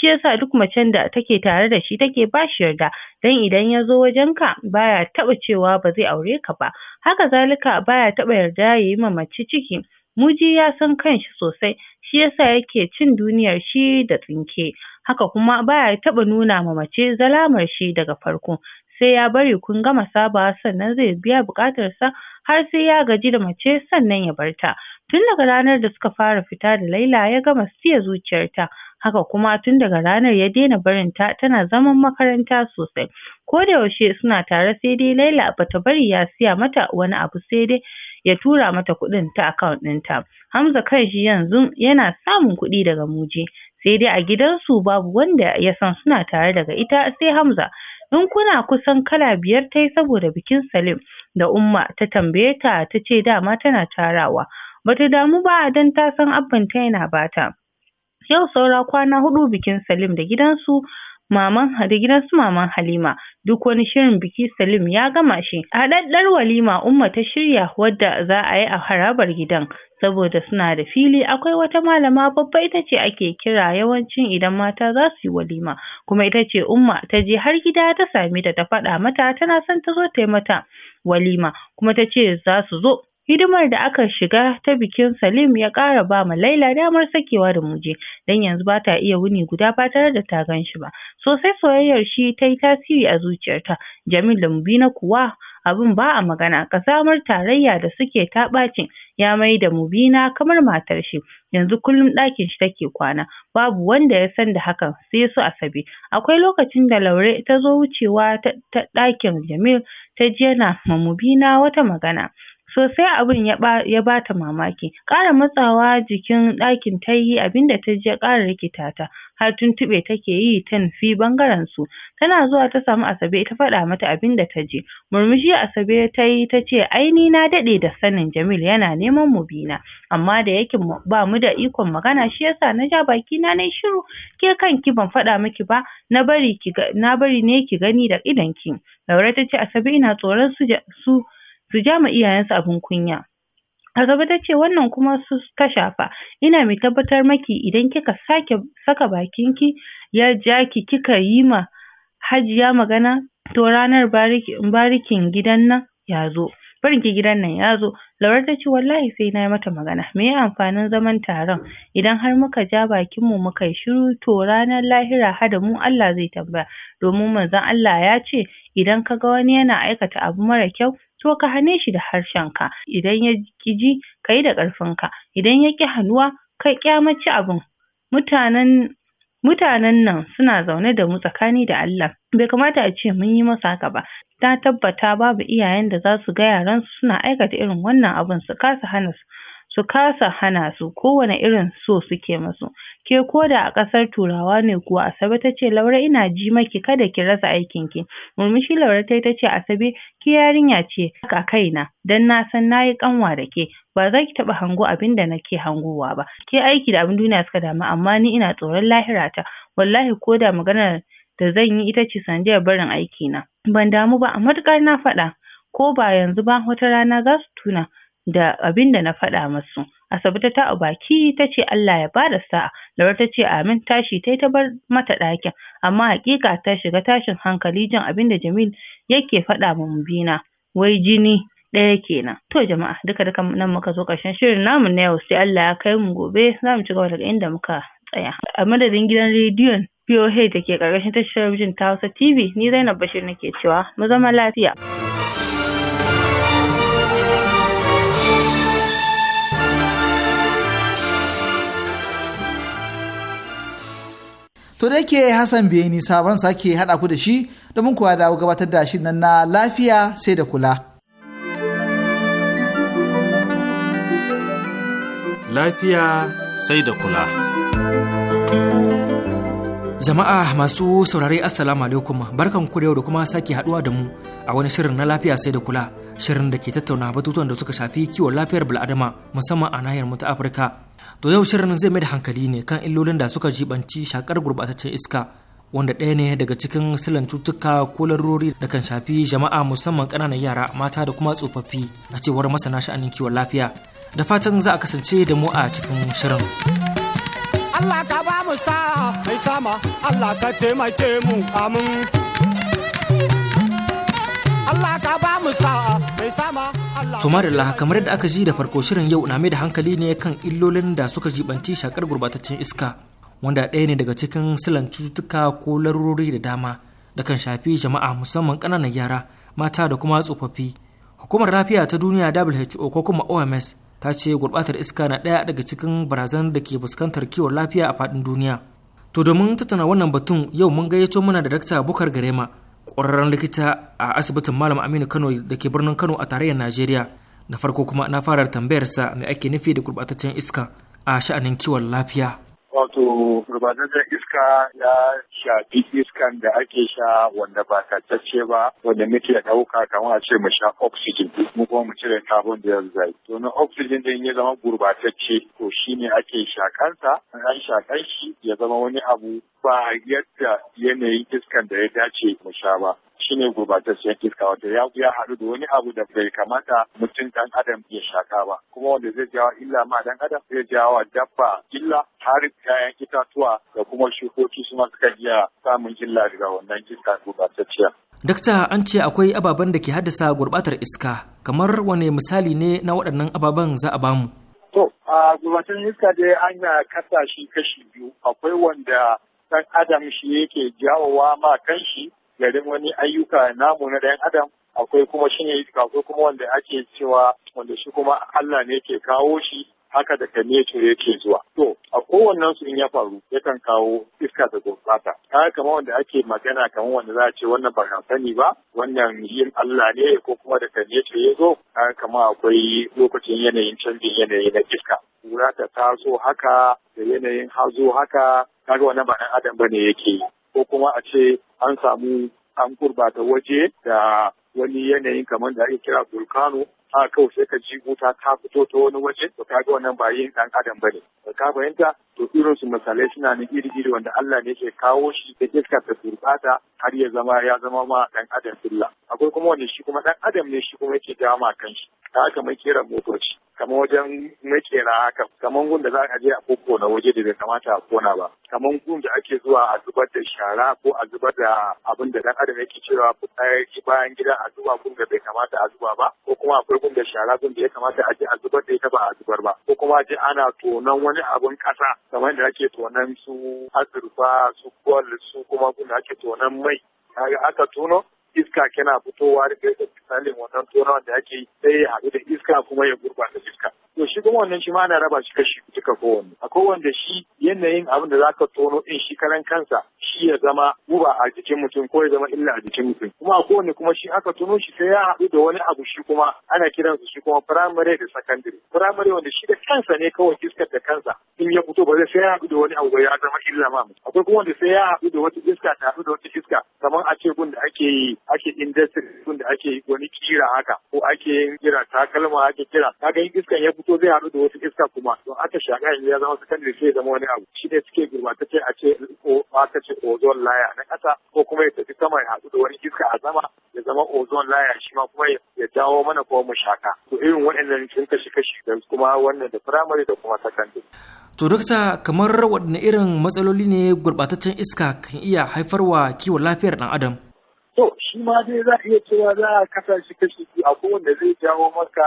shi yasa duk macen da take tare da shi take ba shi yarda dan idan ya zo wajenka baya taɓa cewa ba zai aure ka ba haka zalika baya taɓa yarda ya yi ma mace ciki muji ya san kanshi sosai shi yasa yake cin duniyar shi da tsinke haka kuma baya taɓa nuna ma mace zalamar shi daga farko sai ya bari kun gama sabawa sannan zai biya sa, har sai ya gaji da mace sannan ya barta. tun daga ranar da suka fara fita da Laila ya gama siya zuciyarta haka kuma tun daga ranar ya daina barin ta tana zaman makaranta sosai ko da yaushe suna tare sai dai Laila bata bari ya siya mata wani abu sai dai ya tura mata kuɗin ta account ɗinta Hamza kan shi yanzu yana samun kuɗi daga Muje sai dai a gidan su babu wanda ya san suna tare daga ita sai Hamza kuna kusan kala biyar ta yi saboda bikin Salim da Umma ta tambaye ta ta ce dama tana tarawa bata damu ba don ta san abban ta yana bata Yau saura kwana huɗu bikin Salim da gidansu maman da su maman Halima. Duk wani shirin biki Salim ya gama shi. Haɗaɗɗar walima Umma ta shirya wadda za a yi a harabar gidan. Saboda suna da fili akwai wata malama babba ita ce ake kira yawancin idan mata za su yi walima. Kuma ita ce Umma ta je har gida ta sami da ta faɗa mata tana son ta zo ta yi mata walima. Kuma ta ce za su zo. Hidimar da aka shiga ta bikin Salim ya ƙara ba ma Laila damar sakewa da Muje, Dan yanzu ba ta iya wuni guda ba tare da ta gan shi ba. Sosai soyayyar shi ta yi tasiri a zuciyarta, Jamil da Mubina kuwa abin ba a magana, ƙazamar tarayya da suke ta ɓacin ya mai da Mubina kamar matar shi, yanzu kullum ɗakin shi take kwana, babu wanda ya san da hakan sai su Asabe. Akwai lokacin da Laure ta zo wucewa ta ɗakin Jamil ta ji yana ma Mubina wata magana. sosai abin ya bata mamaki. Ƙara matsawa jikin ɗakin tayi abinda ta ji ya ƙara rikita ta. Har tuntuɓe take yi ta nufi ɓangaren su. Tana zuwa ta samu Asabe ta faɗa mata abinda ta je. Murmushi Asabe ta tace ce ai ni na daɗe da sanin Jamil yana neman mu bina. Amma da yake ba mu da ikon magana shi yasa na ja baki na nayi shiru. Ke kanki ban faɗa miki ba na bari ki na bari ne ki gani da ki. Laure tace Asabe ina tsoron su su su ja ma iyayensu abin kunya a gaba ta ce wannan kuma su ta shafa ina mai tabbatar maki idan kika sake saka bakinki ya ja ki kika yi ma hajiya magana to ranar barikin gidan nan ya zo barinki gidan nan ya zo Laura ta ce wallahi sai na yi mata magana me ya amfanin zaman taron idan har muka ja bakinmu mu muka yi shiru to ranar lahira hada mu Allah zai tambaya domin manzon Allah ya ce idan ka ga wani yana aikata abu mara kyau to ka hane shi da harshenka idan ya ƙi ji ka yi da ƙarfinka idan ya ƙi hannuwa ka ƙyamaci abin mutanen mutanen nan suna zaune da mu tsakani da Allah bai kamata a ce mun yi masa haka ba ta tabbata babu iyayen da za su ga yaran su suna aikata irin wannan abin su kasa hana su kasa hana su kowane irin so suke masu. Ke koda a ƙasar Turawa ne kuwa Asabe ta ce Laure ina ji maki kada ki rasa aikin ki. Murmushi Laure ta yi ce Asabe ki yarinya ce a kaina dan na san nayi ƙanwa da ke ba za ki taɓa hango abin da nake hangowa ba. Ke aiki da abin duniya suka damu amma ni ina tsoron lahira ta Wallahi ko da maganar da zan yi ita ce sanadiyar barin aiki na Ban damu ba a matuƙar na faɗa ko ba yanzu ba wata rana za su tuna da abin da na faɗa musu. Asabe ta taɓa baki tace Allah ya bada sa'a. Laura ta amin tashi ta ta bar mata ɗakin amma hakika ta shiga tashin hankali jin abinda da Jamil yake faɗa ma Mubina. Wai jini ɗaya kenan. To jama'a duka duka nan muka zo ƙarshen shirin namu na yau sai Allah ya kai mu gobe za mu ci gaba daga inda muka tsaya. A madadin gidan rediyon POH da ke ƙarƙashin tashar talabijin ta Hausa TV ni Zainab Bashir nake cewa mu zama lafiya. to da ke hassan beni sabon sake haɗa ku da shi domin kuwa dawo gabatar da shi nan na lafiya sai da kula lafiya sai da kula jama'a masu saurare assalamu alaikum barkan ku da yau da kuma sake haɗuwa da mu a wani shirin na lafiya sai da kula shirin da ke tattauna batutuwan da suka shafi kiwon lafiyar bil'adama musamman a nahiyar mu ta Afirka. To yau shirin zai mai da hankali ne kan illolin da suka jibanci shakar gurbataccen iska wanda ɗaya ne daga cikin silan cutuka ko larurori da kan shafi jama'a musamman ƙananan yara mata da kuma tsofaffi a cewar masana sha'anin kiwon lafiya. Da fatan za a kasance da mu a cikin shirin. Allah ka ba mu sa'a mai sama Allah ka taimake mu amin. ka ba mu Allah kamar yadda aka ji da farko shirin yau na mai da hankali ne kan illolin da suka jibanci shakar gurbataccen iska wanda ɗaya ne daga cikin silan cututtuka ko larurori da dama da kan shafi jama'a musamman ƙananan yara mata da kuma tsofaffi hukumar lafiya ta duniya WHO ko kuma OMS ta ce gurbatar iska na ɗaya daga cikin barazan da ke fuskantar kiwon lafiya a faɗin duniya to domin tattauna wannan batun yau mun gayyato mana da Dr. Bukar Garema ƙwararren likita a asibitin malam aminu kano da ke birnin kano a tarayyar najeriya na farko kuma na fara tambayarsa mai ake nufi da gurbataccen iska a sha'anin kiwon lafiya wato gurbataccen iska ya shafi iskan da ake sha wanda ba tatacce ba wanda muke ɗauka kamar a ce mu sha oxygen mu kuma mu cire carbon dioxide to na oxygen din ya zama gurbatacce to shine ake shakansa an shakan shi ya zama wani abu ba yadda yanayin iskan da ya dace mu sha ba shine gurbatacciyar iska wato ya ya haɗu da wani abu da bai kamata mutum dan adam ya shaka ba kuma wanda zai jawo illa ma dan adam zai jawo dabba illa har kayan itatuwa da kuma shukoki su suka iya samun illa daga wannan iska gurbatacciya. Dakta an ce akwai ababen da ke haddasa gurbatar iska kamar wane misali ne na waɗannan ababen za a bamu. To, a gurbatun iska dai an kasa shi kashi biyu akwai wanda ɗan adam shi yake jawowa ma kanshi garin wani ayyuka namu na ɗan adam akwai kuma shine akwai kuma wanda ake cewa wanda shi kuma Allah ne ke kawo shi haka daga nature yake zuwa to a kowannen su in ya faru yakan kawo iska da gurbata kaga kamar wanda ake magana kamar wanda za a ce wannan ba kan sani ba wannan yin Allah ne ko kuma daga nature ya zo kaga kamar akwai lokacin yanayin canjin yanayi na iska kura ta taso haka da yanayin hazo haka kaga wannan ba dan adam bane yake yi ko kuma a ce an samu an gurbata waje da wani yanayin kamar da ake kira volcano a kawai sai ka ji wuta ta fito ta wani waje to kaga wannan ba yin dan adam bane ka fahimta to irin su misalai suna nan iri iri wanda Allah ne ke kawo shi da iska ta gurbata har ya zama ya zama ma dan adam billa akwai kuma wanda shi kuma dan adam ne shi kuma yake dama kanshi ta haka mai kera motoci kamar wajen kera haka kamar gun da za ka je a na waje da bai kamata a kona ba kamar gun da ake zuwa a zubar da shara ko a zubar da abin da dan adam yake cewa fitsari bayan gida a zuba gun da bai kamata a zuba ba ko kuma akwai abin da shara gun da ya kamata a je a zubar da ita ba a zubar ba ko kuma ji ana tonon wani abun kasa kamar da ake tonon su azurfa su gwal su kuma gun da ake tonon mai kaga aka tono iska yana fitowa daga da misalin wannan tonawan da ake sai ya haɗu da iska kuma ya gurɓata iska. To shi kuma wannan shi ma ana raba shi kashi duka kowanne. Akwai wanda shi yanayin abin da zaka tono in shi karan kansa shi ya zama guba a jikin mutum ko ya zama illa a jikin mutum. Kuma a kowanne kuma shi aka tono shi sai ya haɗu da wani abu shi kuma ana kiransa shi kuma firamare da sakandare. Firamare wanda shi da kansa ne kawai iskar da kansa in ya fito ba zai sai ya haɗu da wani abu ba ya zama illa ma akwai kuma wanda sai ya haɗu da wata iska ta haɗu da wata iska kamar a ce gun da ake yi ake industry gun da ake yi wani kira haka ko ake yin kira takalma ake kira kaga in iskan ya fito zai haɗu da wata iska kuma to aka shaka in ya zama secondary sai ya zama wani abu shi ne suke gurbatacce a ce ko aka ce ozone layer na ƙasa ko kuma ya tafi sama ya haɗu da wani iska a sama ya zama ozone layer shi ma kuma ya jawo mana kuma mu shaka to irin waɗannan sun kashi kashi kuma wannan da primary da kuma secondary To dokta kamar waɗanne irin matsaloli ne gurɓataccen iska kan iya haifarwa kiwon lafiyar ɗan adam? To shi ma dai za a iya cewa za a kasa shi kashi biyu a zai jawo maka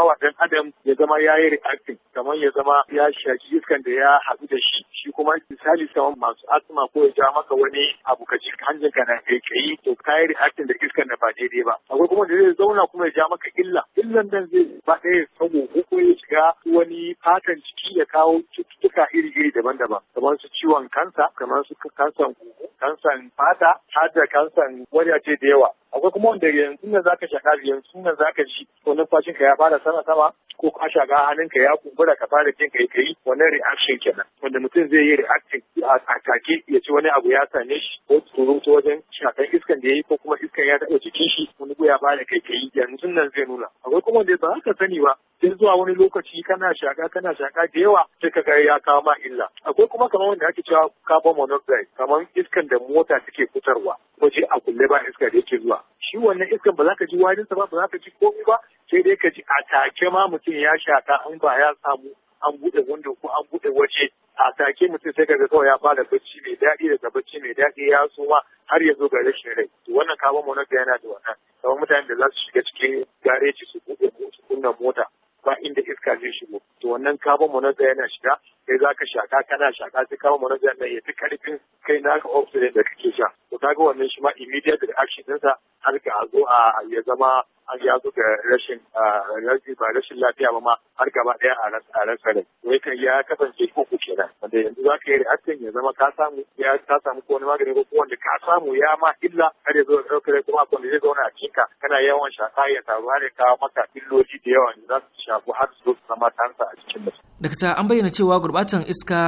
wa dan adam ya zama ya yi reacting kamar ya zama ya shaki iskan da ya haɗu da shi shi kuma misali saman masu asma ko ya ja maka wani abu ka ji hanjin ka na kai kai to ka yi reacting da iskan da ba daidai ba akwai kuma da zai zauna kuma ya ja maka illa illan nan zai ba ɗaya sabo ko ya shiga wani fatan ciki ya kawo cututtuka iri-iri daban-daban kamar su ciwon kansa kamar su kansan kansan fata har da kansan wajaje da yawa akwai kuma wanda yanzu za zaka shaka yanzu ne zaka ji to numfashinka ka ya fara sama sama ko ka shaga hannunka ya kumbura ka fara jin kai kai wannan reaction kenan wanda mutum zai yi reaction a take ya ci wani abu ya same shi ko tsoro ta wajen shakan iskan da ya yi ko kuma iskan ya taɓa jikin shi wani ya fara kai kai yanzu nan zai nuna akwai kuma wanda ba ka sani ba sai zuwa wani lokaci kana shaka kana shaka da yawa sai ka ga ya kawo ma illa akwai kuma kamar wanda ake cewa carbon monoxide kamar iskan da mota take fitarwa waje a kulle ba iska da yake zuwa shi wannan iskan ba za ka ji warinsa ba ba za ka ji komai ba sai dai ka ji a take ma mutum mutum ya shaka an ba ya samu an buɗe wanda ko an buɗe waje a take mutum sai kaga kawai ya fara bacci mai daɗi daga bacci mai daɗi ya suma har ya zo ga rashin rai to wannan kawo monoga yana da wannan kamar mutanen da za su shiga cikin gareji su buɗe su kunna mota ba inda iska zai shigo to wannan carbon monoxide yana shiga sai za ka shaka kana shaka sai carbon monoxide na ya fi karfin kai naka oxygen da kake sha kaga wannan shi ma immediate reaction ɗinsa har ga zo a ya zama an ya zo ga rashin lafiya ba ma har gaba ɗaya a rasa rai wai kan ya kasance uku kenan wanda yanzu za ka yi reaction ya zama ka samu ya ka samu ko wani magani ko wanda ka samu ya ma illa har ya zo da ɗaukar kuma kuma akwai zai zauna a cikin ka kana yawan shaka ya taru har ya kawo maka illoli da yawa za su shafi har su zo su zama tansa a cikin mutum. Dakta an bayyana cewa gurbatan iska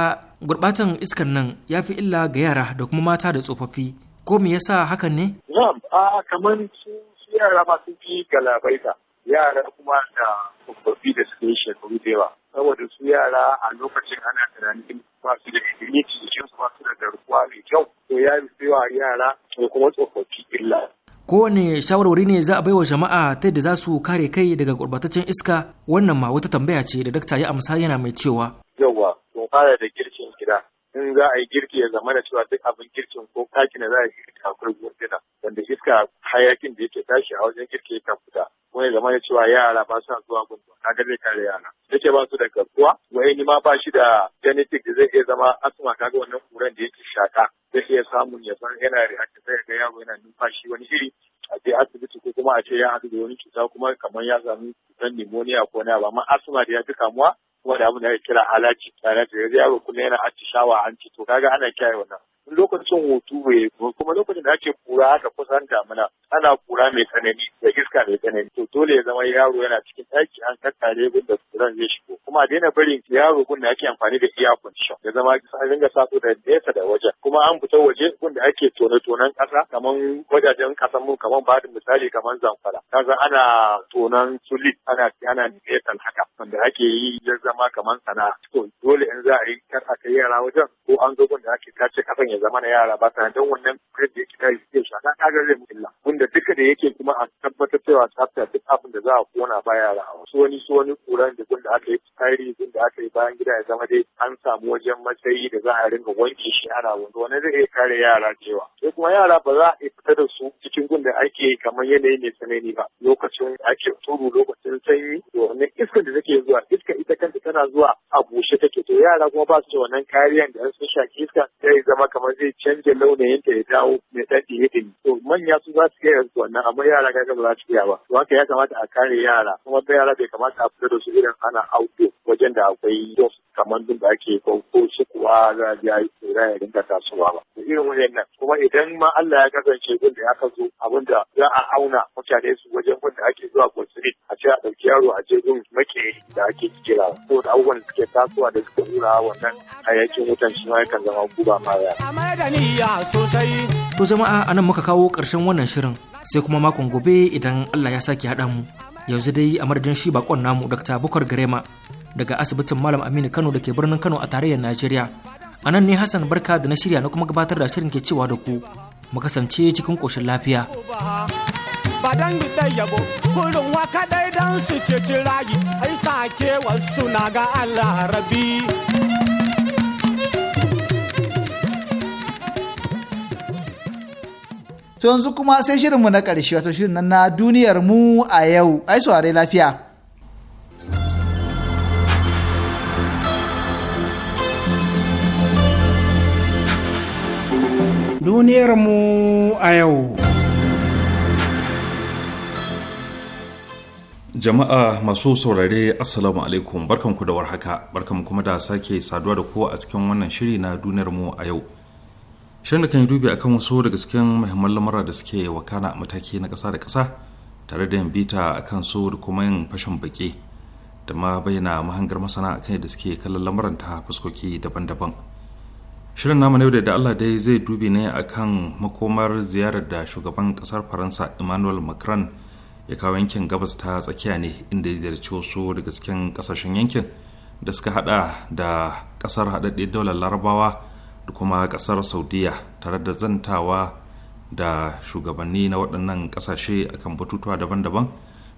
gurbatan iskar nan ya fi illa ga yara da kuma mata da tsofaffi ko me yasa hakan ne? Na'am, a kamar su yara ma sun fi galabaita. Yara kuma da tsofaffi da suke yi shekaru da yawa. Saboda su yara a lokacin ana tunanin ba su da ilimi cikin su ba su da garkuwa mai kyau. To ya fi yawa yara ko kuma tsofaffi illa. Kowane shawarwari ne za a baiwa jama'a ta yadda za su kare kai daga gurbataccen iska wannan ma wata tambaya ce da dakta ya amsa yana mai cewa. Yawwa, to fara da in za a yi girki ya zama da cewa duk abin girkin ko ɗakin da za a yi girki a akwai gurduna wanda iska hayakin da yake tashi a wajen girki ya kan fita kuma ya zama da cewa yara ba sa zuwa na ga zai kare yara yake ba su da garkuwa wai ni ma ba shi da genetic da zai iya zama asma kaga wannan kuran da yake shaka zai iya samun ya san yana react sai ga yaro yana numfashi wani iri a je asibiti ko kuma a ce ya haɗu da wani cuta kuma kamar ya sami cutar pneumonia ko na ba amma asma da ya fi kamuwa kuma da abin da ya kira halaci tare da ya yaro kuma yana shawa an ci to kaga ana kiyaye wannan lokacin hutu bai kuma lokacin da ake kura haka kusan damina ana kura mai tsanani da iska mai tsanani to dole ya zama yaro yana cikin ɗaki an kakkare da kuran zai shigo kuma a daina barin yaro gun da ake amfani da iya condition ya zama a dinga sa su da nesa da wajen kuma an fita waje gun da ake tone-tonen ƙasa kaman wajajen ƙasan mu kaman ba da misali kaman zamfara kaza ana tonan su ana ana nesan haka wanda ake yi ya zama kaman sana'a to dole in za a yi kar a kai yara wajen ko an zo gun da ake tace kasan ya zama na yara ba sanadin wannan kan da yake kai zai shaka kaga zai mutu wanda duka da yake kuma a tabbatar cewa tsafta duk abin da za a kona ba yara a wasu wani su wani kuran da gunda aka yi tsari da aka yi bayan gida ya zama dai an samu wajen matsayi da za a ringa wanke shi ana wanda wani zai kare yara cewa sai kuma yara ba za a fita da su cikin gun da ake yi kamar yanayi mai tsanani ba lokacin ake turu lokacin sanyi domin iskar da take zuwa iska ita kanta tana zuwa a bushe take to yara kuma ba su da wannan kariyan da sun shaki iska zai zama kamar zai canja ta ya dawo mai ɗan ɗiye to manya su za su iya yanzu wannan amma yara kaga ba za su iya ba to haka ya kamata a kare yara kuma yara bai kamata a fita da su irin ana auto wajen da akwai yau kamar duk da ake ko ko shi kuwa za a yi tsira ya dinga tasowa ba da irin nan kuma idan ma Allah ya kasance gun da ya kaso abinda za a auna mutane su wajen wanda ake zuwa gosulit a ce a ɗauki yaro a je gun make da ake kira ko da abubuwan suke tasowa da suka hura wannan hayakin wutan shi ma yakan zama guba ma ya. To jama'a nan muka kawo ƙarshen wannan shirin sai kuma makon gobe idan Allah ya sake haɗa mu. yanzu dai a madadin shi bakon namu dr bukar garema daga asibitin Malam Aminu Kano da ke birnin Kano a tarayyar Najeriya. A nan ne Hassan Barka da na shirya na kuma gabatar da shirin ke cewa da ku mu kasance cikin koshin lafiya. Badan da yabo, kurin don su ceci rayu, ai sake wasu na ga Allah rabi. To yanzu kuma sai shirinmu na ƙarshe wato shirin na duniyar mu a yau, ai saurari lafiya. duniyarmu a yau. Jama'a masu saurare Assalamu alaikum barkanku da warhaka barkanku kuma da sake saduwa da kowa a cikin wannan shiri na duniyarmu a yau. Shirin da kan yi dubi akan wasu daga cikin muhimman lamura da suke wakana mataki na ƙasa da ƙasa tare da yin bita a kan su da kuma yin fashin baƙi da ma bayyana mahangar masana akan yadda suke kallon lamuran ta fuskoki daban-daban. shirin namu yau da allah dai zai dubi ne akan makomar ziyarar da shugaban kasar faransa emmanuel macron ya kawo yankin gabas ta tsakiya ne inda ya ziyarci wasu daga cikin kasashen yankin da suka hada da kasar haɗaɗɗe daular larabawa da kuma kasar saudiya tare da zantawa da shugabanni na waɗannan kasashe akan batutuwa daban-daban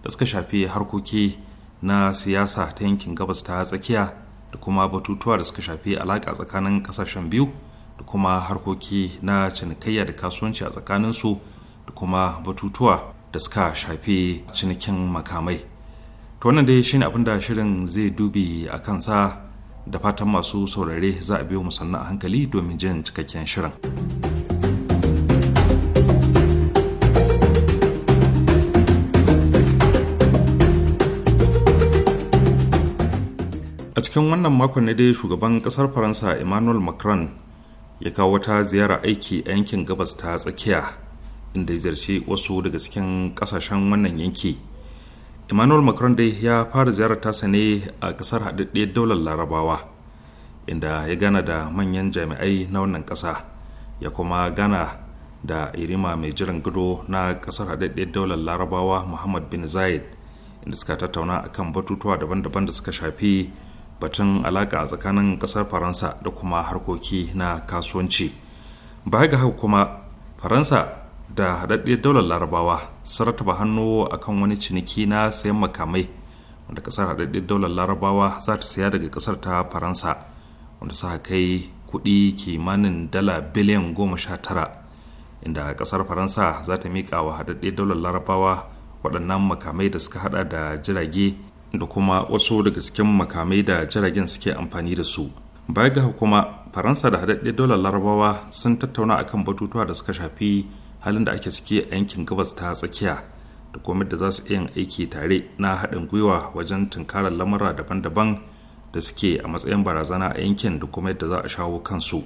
da suka shafi harkoki na siyasa ta yankin gabas ta tsakiya da kuma batutuwa da suka shafi alaƙa tsakanin ƙasashen biyu da kuma harkoki na cinikayya da kasuwanci a tsakaninsu da kuma batutuwa da suka shafi cinikin makamai to wannan dai shine abin da shirin zai dubi a kansa da fatan masu saurare za a biyo musanna a hankali domin jin cikakken shirin. cikin wannan makon ne dai shugaban kasar faransa emmanuel macron ya kawo wata ziyara aiki a yankin gabas ta tsakiya inda ya ziyarci wasu daga cikin kasashen wannan yanki emmanuel macron dai ya fara ziyarar tasa ne a kasar haɗaɗɗiyar daular larabawa inda ya gana da manyan jami'ai na wannan kasa ya kuma gana da irima mai jiran gado na kasar haɗaɗɗiyar daular larabawa muhammad bin zayed inda suka tattauna akan batutuwa daban-daban da suka shafi batun alaƙa tsakanin ƙasar faransa da kuma harkoki na kasuwanci baya ga haka kuma faransa da haɗaɗɗiyar daular larabawa sun rataba hannu akan wani ciniki na sayan makamai wanda ƙasar haɗaɗɗiyar daular larabawa za ta saya daga ƙasar ta faransa wanda suka kai kuɗi kimanin dala biliyan goma sha tara inda ƙasar faransa za ta miƙa wa haɗaɗɗiyar daular larabawa waɗannan makamai da suka haɗa da jirage da kuma wasu daga cikin makamai da jiragen suke amfani da su baya ga kuma faransa da haɗaɗɗe dolar larabawa sun tattauna akan batutuwa da suka shafi halin da ake suke a yankin gabas ta tsakiya da kuma da za su iya aiki tare na haɗin gwiwa wajen tunkarar lamura daban-daban da suke a matsayin barazana a yankin da kuma yadda za a shawo kansu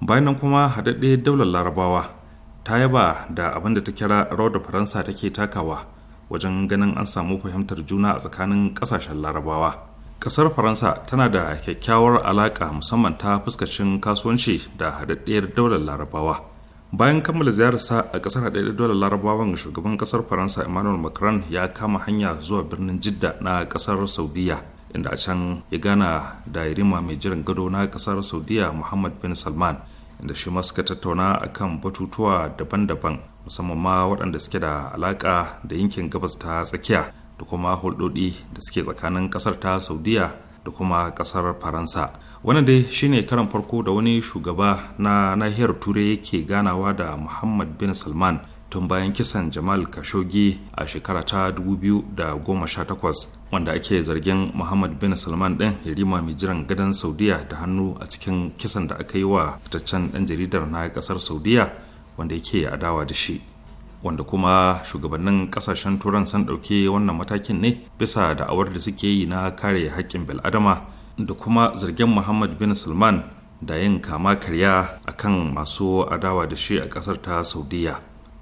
bayan nan kuma haɗaɗɗe daular larabawa ta yaba da abin da ta kira rawar da faransa take takawa wajen ganin an samu fahimtar juna a tsakanin kasashen larabawa kasar faransa tana da kyakkyawar alaƙa musamman ta fuskacin kasuwanci da haɗaɗɗiyar daular larabawa bayan kammala ziyararsa a ƙasar haɗaɗɗiyar daular larabawan shugaban ƙasar faransa emmanuel macron ya kama hanya zuwa birnin jidda na ƙasar saudiya inda a can ya gana da irima mai jiran gado na ƙasar saudiya muhammad bin salman inda shi ma suka tattauna akan batutuwa daban-daban musamman ma waɗanda suke da alaƙa da yankin gabas ta tsakiya da kuma hulɗoɗi da suke tsakanin ƙasar ta saudiya da kuma ƙasar faransa wannan dai shine karan farko da wani shugaba na nahiyar turai yake ganawa da muhammad bin salman tun bayan kisan jamal kashogi a shekara ta 2018 wanda ake zargin muhammad bin salman ɗin yarima mai jiran gadon saudiya da hannu a cikin kisan da aka yi wa fitaccen ɗan jaridar na ƙasar saudiya wanda yake adawa da shi wanda kuma shugabannin kasashen turan sun ɗauke wannan matakin ne bisa da'awar da suke yi na kare haƙƙin bil'adama da kuma zargin muhammad bin salman da yin kama karya a kan masu adawa da shi a ƙasar ta saudiya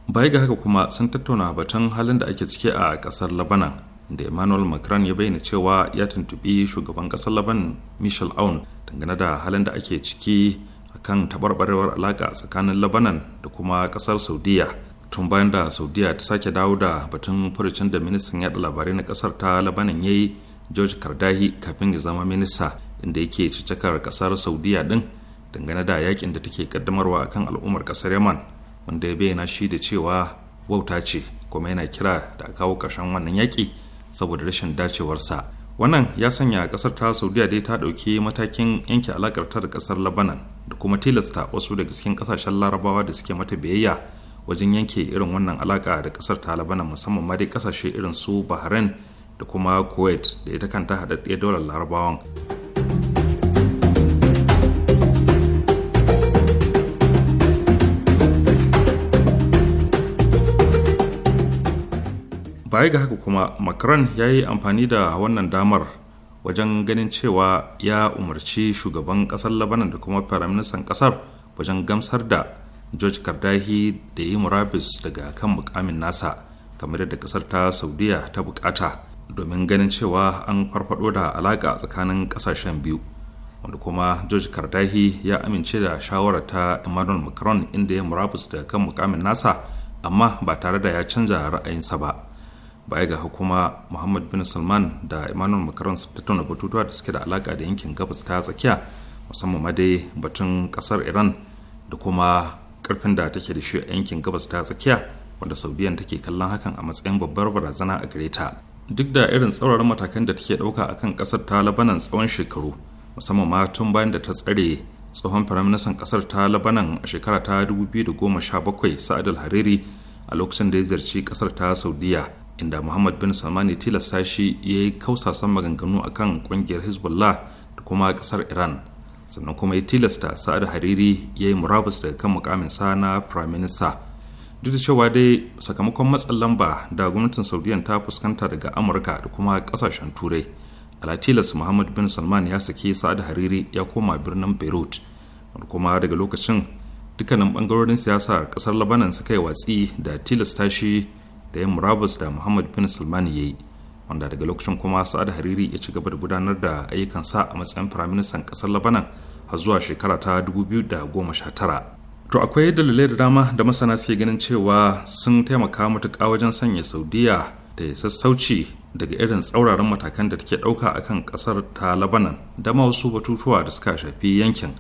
baya ga haka kuma sun tattauna batun halin da ake ciki a ƙasar labanan da emmanuel macron ya bayyana cewa ya tuntuɓi shugaban ƙasar laban michel aun dangane da halin da ake ciki kan tabarbarewar alaƙa tsakanin labanan da kuma ƙasar saudiya tun bayan da saudiya ta sake dawo da batun furucin da ministan yaɗa labarai na ƙasar ta labanan ya yi george kardahi kafin ya zama minista inda yake cicikar ƙasar saudiya din dangane da yakin da take kaddamarwa akan al'ummar ƙasar yaman wanda ya bayyana shi da cewa wauta ce kuma yana kira da kawo ƙarshen wannan yaƙi saboda rashin dacewarsa wannan ya sanya kasar ta saudiya dai ta ɗauki matakin yanke alakar ta da kasar labanan da kuma tilasta wasu daga cikin kasashen larabawa da suke mata biyayya wajen yanke irin wannan alaka da kasar ta labanan musamman ma dai kasashe irin su bahrain da kuma kuwait da ita kanta haɗaɗɗiyar daular larabawan baya ga haka kuma macron ya yi amfani da wannan damar wajen ganin cewa ya umarci shugaban kasar labanan da kuma firaministan kasar wajen gamsar da george kardahi da yi murabis daga kan mukamin nasa kamar yadda kasar ta saudiya ta bukata domin ganin cewa an farfado da alaka tsakanin kasashen biyu wanda kuma george kardahi ya amince da shawarar ta emmanuel macron inda ya murabus daga kan mukamin nasa amma ba tare da ya canza ra'ayinsa ba baya ga hukuma muhammad bin salman da emmanuel macron su tattauna batutuwa da suke da alaka da yankin gabas ta tsakiya musamman ma dai batun kasar iran da kuma karfin da take da shi a yankin gabas ta tsakiya wanda saudiyan take kallon hakan a matsayin babbar barazana a gare ta duk da irin tsauraran matakan da take dauka akan kasar ta labanan tsawon shekaru musamman ma tun bayan da ta tsare tsohon firaministan kasar ta labanan a shekara ta 2017 sa'ad hariri a lokacin da ya ziyarci kasar ta saudiya inda muhammad bin salman ya tilasta shi ya yi kausasan maganganu a kan kungiyar hezbollah da kuma kasar iran sannan kuma ya tilasta sa'ad hariri ya yi murabus daga kan mukamin sa na prime minister duk da cewa dai sakamakon matsan lamba da gwamnatin saudiyan ta fuskanta daga amurka da kuma kasashen turai ala tilas muhammad bin salman ya saki sa'ad hariri ya koma birnin beirut kuma daga lokacin dukkanin bangarorin siyasa kasar labanan suka yi watsi da tilasta shi da ya murabus da muhammad bin sulmani ya yi wanda daga lokacin kuma sa'ad hariri ya ci gaba da gudanar da ayyukan sa a matsayin firaministan ƙasar labanan har zuwa shekara ta 2019 to akwai dalilai da dama da masana suke ganin cewa sun taimaka matuƙa wajen sanya saudiya da ya sassauci daga irin tsauraran matakan da take ɗauka akan ƙasar ta labanan da ma wasu batutuwa da suka shafi yankin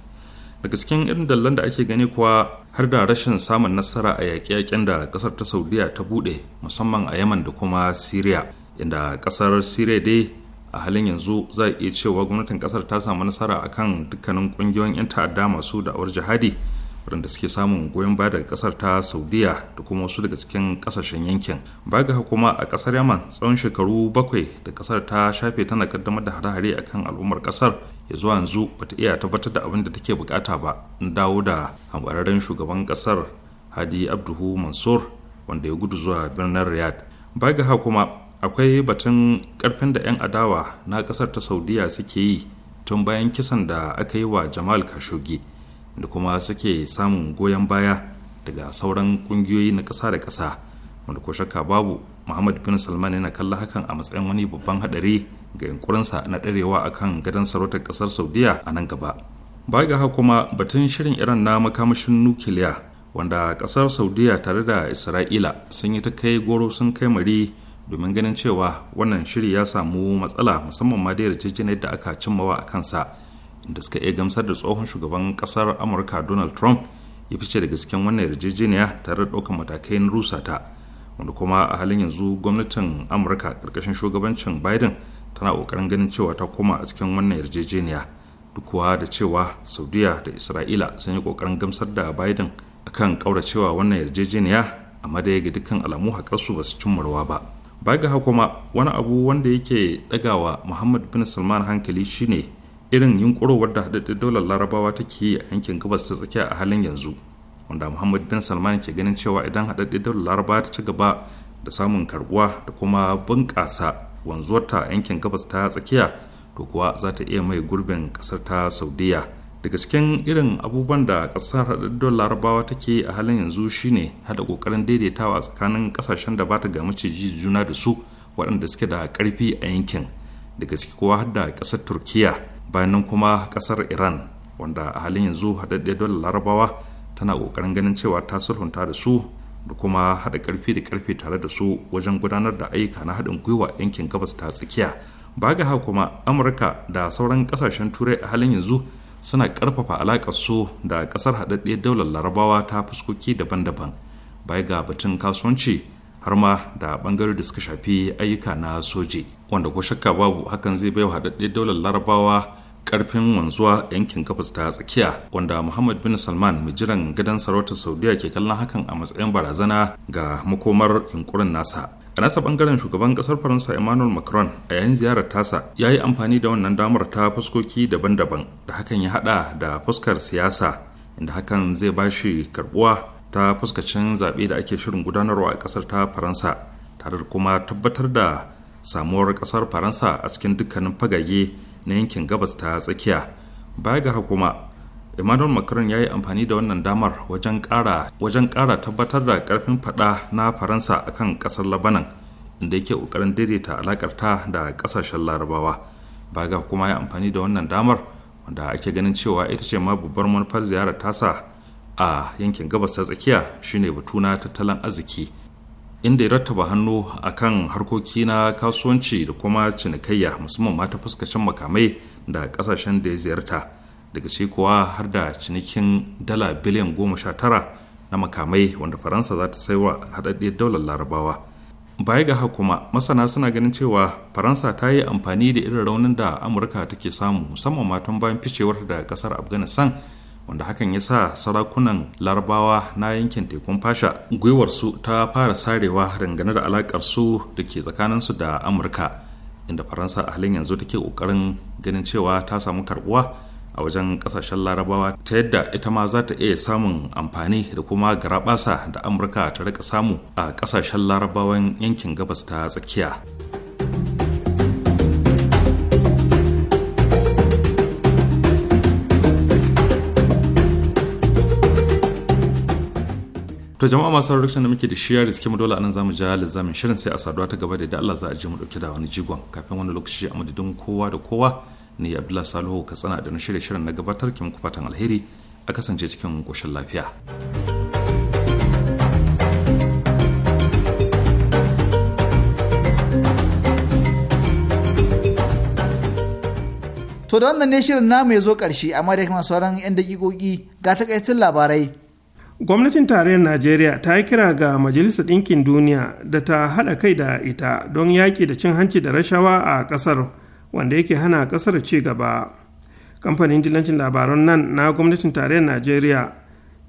daga cikin irin dallan da ake gani kuwa har da rashin samun nasara a yaƙe-yaƙen da ƙasar ta saudiya ta buɗe musamman a yaman da kuma syria inda ƙasar syria dai a halin yanzu za a iya cewa gwamnatin ƙasar ta samu nasara a kan dukkanin ƙungiyoyin 'yan ta'adda masu da'awar jihadi waɗanda suke samun goyon baya daga ƙasar ta saudiya da kuma wasu daga cikin ƙasashen yankin baga kuma a ƙasar yaman tsawon shekaru bakwai da ƙasar ta shafe tana kaddamar da hare-hare akan al'ummar ƙasar ya zuwa yanzu ta iya tabbatar da abin da take bukata ba in dawo da hambararren shugaban kasar hadi abduhu mansur wanda ya gudu zuwa birnin riyadh baga ga kuma akwai batun karfin da 'yan adawa na kasar ta saudiya suke yi tun bayan kisan da aka yi wa jamal khashoggi da kuma suke samun goyon baya daga sauran kungiyoyi na kasa da kasa wanda ko shakka babu muhammad bin salman na kalla hakan a matsayin wani babban hadari ga yunkurinsa na ɗarewa a kan gadon sarautar ƙasar saudiya a nan gaba baya ga kuma batun shirin iran na makamashin nukiliya wanda ƙasar saudiya tare da isra'ila sun yi ta kai goro sun kai mari domin ganin cewa wannan shiri ya samu matsala musamman ma da yarjejeniyar da aka cimmawa a kansa inda suka iya gamsar da tsohon shugaban ƙasar amurka donald trump ya fice da gasken wannan yarjejeniya tare da ɗaukar matakai na rusa ta wanda kuma a halin yanzu gwamnatin amurka ƙarƙashin shugabancin biden tana kokarin ganin cewa ta koma a cikin wannan yarjejeniya duk kuwa da cewa saudiya da isra'ila sun yi kokarin gamsar da biden akan kaura cewa wannan yarjejeniya amma dai ga dukkan alamu haƙarsu ba su cimmarwa ba baya ga kuma wani abu wanda yake ɗagawa muhammad bin salman hankali shine irin yunkurowar da haɗaɗɗen daular larabawa take yi a yankin gabas ta tsakiya a halin yanzu wanda muhammad bin salman ke ganin cewa idan haɗaɗɗen larabawa ta ci gaba da samun karbuwa da kuma bunƙasa wanzuwarta a yankin gabas ta tsakiya to kuwa za ta iya mai gurbin kasar ta saudiya daga cikin irin abubuwan da kasar haɗaɗɗun larabawa take a halin yanzu shine hada kokarin daidaitawa tsakanin kasashen da ba ta ga maciji juna da su waɗanda suke da ƙarfi a yankin daga ciki kuwa har da ƙasar turkiya bayan kuma ƙasar iran wanda a halin yanzu haɗaɗɗiyar don larabawa tana ƙoƙarin ganin cewa ta sulhunta da su da kuma haɗa ƙarfi da karfe tare da su wajen gudanar da ayyuka na haɗin gwiwa yankin gabas ta tsakiya ba ga haka kuma amurka da sauran ƙasashen turai a halin yanzu suna ƙarfafa alaƙar su da ƙasar haɗaɗɗiyar daular larabawa ta fuskoki daban-daban baya ga batun kasuwanci har ma da bangare da suka shafi ayyuka na soji wanda ko shakka babu hakan zai baiwa haɗaɗɗiyar daular larabawa karfin wanzuwa yankin gabas ta tsakiya wanda muhammad bin salman mai jiran gidan sarautar saudiya ke kallon hakan a matsayin barazana ga makomar yunkurin nasa a nasa bangaren shugaban kasar faransa emmanuel macron a yayin ziyarar tasa ya yi amfani da wannan damar ta fuskoki daban-daban da hakan ya hada da fuskar siyasa inda hakan zai ba shi karbuwa ta fuskacin zaɓe da ake shirin gudanarwa a kasar ta faransa tare da kuma tabbatar da samuwar kasar faransa a cikin dukkanin fagage na yankin gabas ta tsakiya baya ga hukuma emmanuel macron ya yi amfani da wannan damar wajen kara tabbatar da karfin fada na faransa akan kasar labanan inda yake kokarin daidaita alakar ta da kasashen larabawa baya ga kuma ya amfani da wannan damar wanda ake ganin cewa ita ce ma babbar manufar ziyarar tasa a yankin gabas ta tsakiya shine batu na tattalin arziki inda ya rattaba hannu a kan harkoki na kasuwanci da kuma cinikayya musamman mata fuskacin makamai da kasashen da ya ziyarta daga shi kuwa har da cinikin dala biliyan goma sha tara na makamai wanda faransa za ta wa haɗaɗɗiyar daular larabawa baya ga kuma masana suna ganin cewa faransa ta yi amfani da irin raunin da amurka take samu musamman matan bayan ficewar da kasar afghanistan wanda hakan ya sa sarakunan larabawa na yankin tekun fasha gwiwarsu ta fara sarewa dangane da alakar su da ke tsakaninsu da amurka inda faransa a halin yanzu take kokarin ganin cewa ta samu karbuwa a wajen kasashen larabawa ta yadda ita ma za ta iya samun amfani da kuma garabasa da amurka ta rika samu a kasashen larabawan yankin gabas ta tsakiya. to jama'a masu sauraron da muke da shi ya riske mu dole anan zamu ja lizamin shirin sai a saduwa ta gaba da da Allah za a je mu dauke da wani jigon kafin wani lokaci a madadin kowa da kowa ne Abdullahi Salihu ka tsana da na shirye shirin na gabatar ki muku fatan alheri a kasance cikin koshin lafiya. To da wannan ne shirin namu ya zo karshe amma da kuma sauran 'yan dakikoki ga takaitun labarai gwamnatin tarayyar najeriya ta yi kira ga majalisar ɗinkin duniya da ta haɗa kai da ita don yaƙi da cin hanci da rashawa a ƙasar wanda yake hana ƙasar ci gaba kamfanin jilancin labaran nan na gwamnatin tarayyar najeriya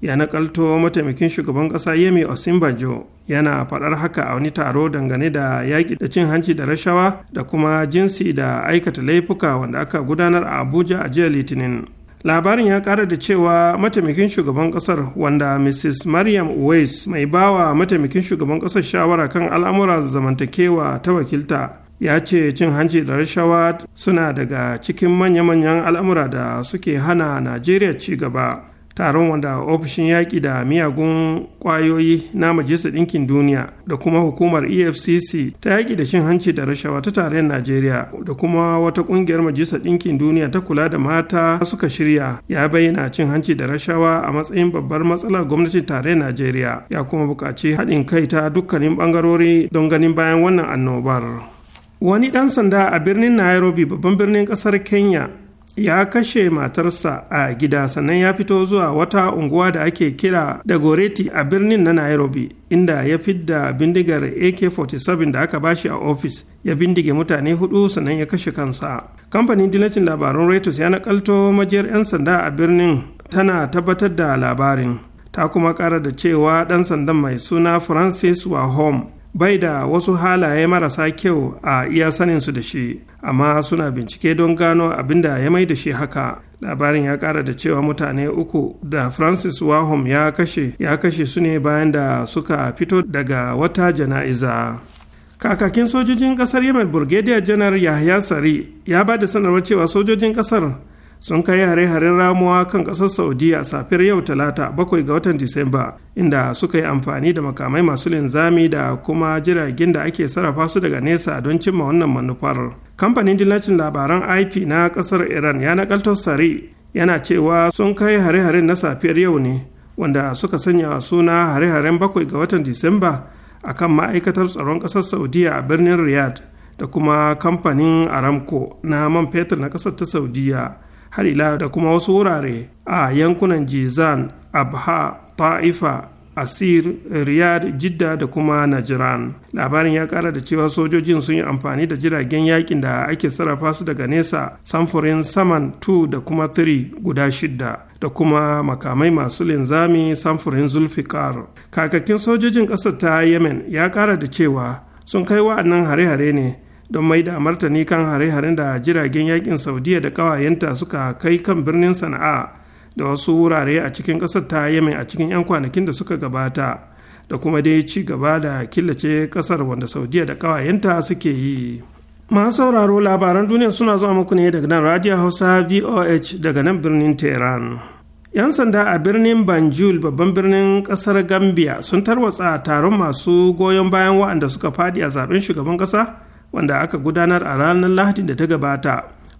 ya nakalto mataimakin shugaban ƙasa yemi osinbajo yana faɗar haka a wani taro dangane da yaƙi da cin hanci da rashawa da kuma jinsi da aikata laifuka wanda aka gudanar a abuja a jiya litinin labarin ya kara da cewa mataimakin shugaban kasar wanda mrs mariam weiss mai bawa mataimakin shugaban kasar shawara kan al'amura zamantakewa ta wakilta ya ce cin hanci da rashawa suna daga cikin manya-manyan al'amura da suke hana najeriya ci gaba taron wanda ofishin yaƙi da miyagun ƙwayoyi na majalisar ɗinkin duniya da kuma hukumar efcc ta yaƙi da cin hanci da rashawa ta tarayyar najeriya da kuma wata ƙungiyar majalisar ɗinkin duniya ta kula da mata suka shirya ya bayyana cin hanci da rashawa a matsayin babbar matsala gwamnatin tarayyar najeriya ya kuma buƙaci haɗin kai ta dukkanin ɓangarori don ganin bayan wannan annobar wani ɗan sanda a birnin nairobi babban birnin ƙasar kenya ya kashe matarsa a gida sannan ya fito zuwa wata unguwa da ake kira da goreti a birnin na nairobi inda ya fidda bindigar ak-47 da aka bashi a ofis ya bindige mutane hudu sannan ya kashe kansa kamfanin dilacin labarun reuters ya nakalto majiyar 'yan sanda a birnin tana tabbatar da labarin ta kuma kara da cewa dan sandan mai suna francis Wahome. bai da wasu halaye marasa kyau a iya saninsu da shi amma suna bincike don gano abin da ya mai da shi haka labarin ya kara da cewa mutane uku da francis wahom ya kashe ya kashe su ne bayan da suka fito daga wata jana'iza kakakin sojojin kasar yemen brigadier janar yahya sari ya ba da sanarwar cewa sojojin kasar sun kai hare-haren ramuwa kan ƙasar a safiyar yau talata bakwai ga watan disamba inda suka yi amfani da makamai masu linzami da kuma jiragen da ake sarrafa su daga nesa don cimma wannan manufar kamfanin dillacin labaran ip na ƙasar iran ya nakalto sari yana cewa sun kai hare-haren na safiyar yau ne wanda suka sanya suna hare-haren bakwai ga watan disamba a kan ma'aikatar tsaron ƙasar saudiya a birnin riyadh da kuma kamfanin aramco na man fetur na ƙasar ta saudiya har ila da kuma wasu wurare a yankunan jizan abha ta'ifa asir riyad jidda da kuma najran labarin ya kara da cewa sojojin sun yi amfani da jiragen yakin da ake sarrafa su daga nesa samfurin saman 2 da kuma 3 guda shidda da kuma makamai masu linzami samfurin zulfikar kakakin sojojin ƙasar ta yemen ya kara da cewa sun kai wa'annan hare-hare ne don mai da martani kan hare-haren da jiragen yakin saudiya da kawayenta suka kai kan birnin sana'a da wasu wurare a cikin ƙasar ta yemen a cikin 'yan kwanakin da suka gabata da kuma dai ci gaba da killace ƙasar wanda saudiya da kawayenta suke yi masu sauraro labaran duniya suna zuwa muku ne daga nan radio hausa voh daga nan birnin tehran 'yan sanda a birnin banjul babban birnin kasar gambia sun tarwatsa taron masu goyon bayan waɗanda suka fadi a zaben shugaban ƙasa wanda aka gudanar a ranar Lahadi da ta gabata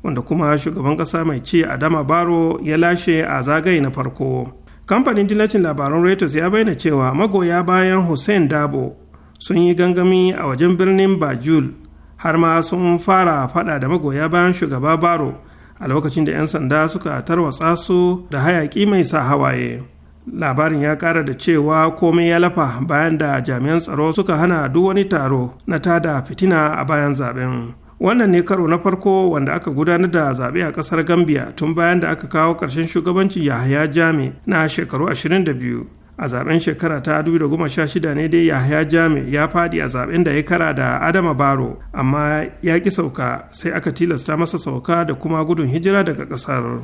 wanda kuma shugaban ƙasa mai ci adama baro ya lashe a zagaye na farko kamfanin dillacin labaran reuters ya bayyana cewa magoya bayan hussein dabo sun yi gangami a wajen birnin bajul har ma sun fara fada da magoya bayan shugaba baro a lokacin da 'yan sanda suka tarwatsa su da hayaki mai sa hawaye. labarin ya kara da cewa komai ya lafa bayan da jami'an tsaro suka hana duk wani taro na tada fitina a bayan zaben wannan ne karo na farko wanda aka gudanar da zaɓe a ƙasar gambia tun bayan da aka kawo ƙarshen shugabancin yahaya jami na shekaru 22 a zaben shekara ta 2016 ne dai yahaya jami ya fadi a zaben da ya kara da adama baro amma ya ki sauka sai aka tilasta masa sauka da kuma gudun hijira daga ƙasar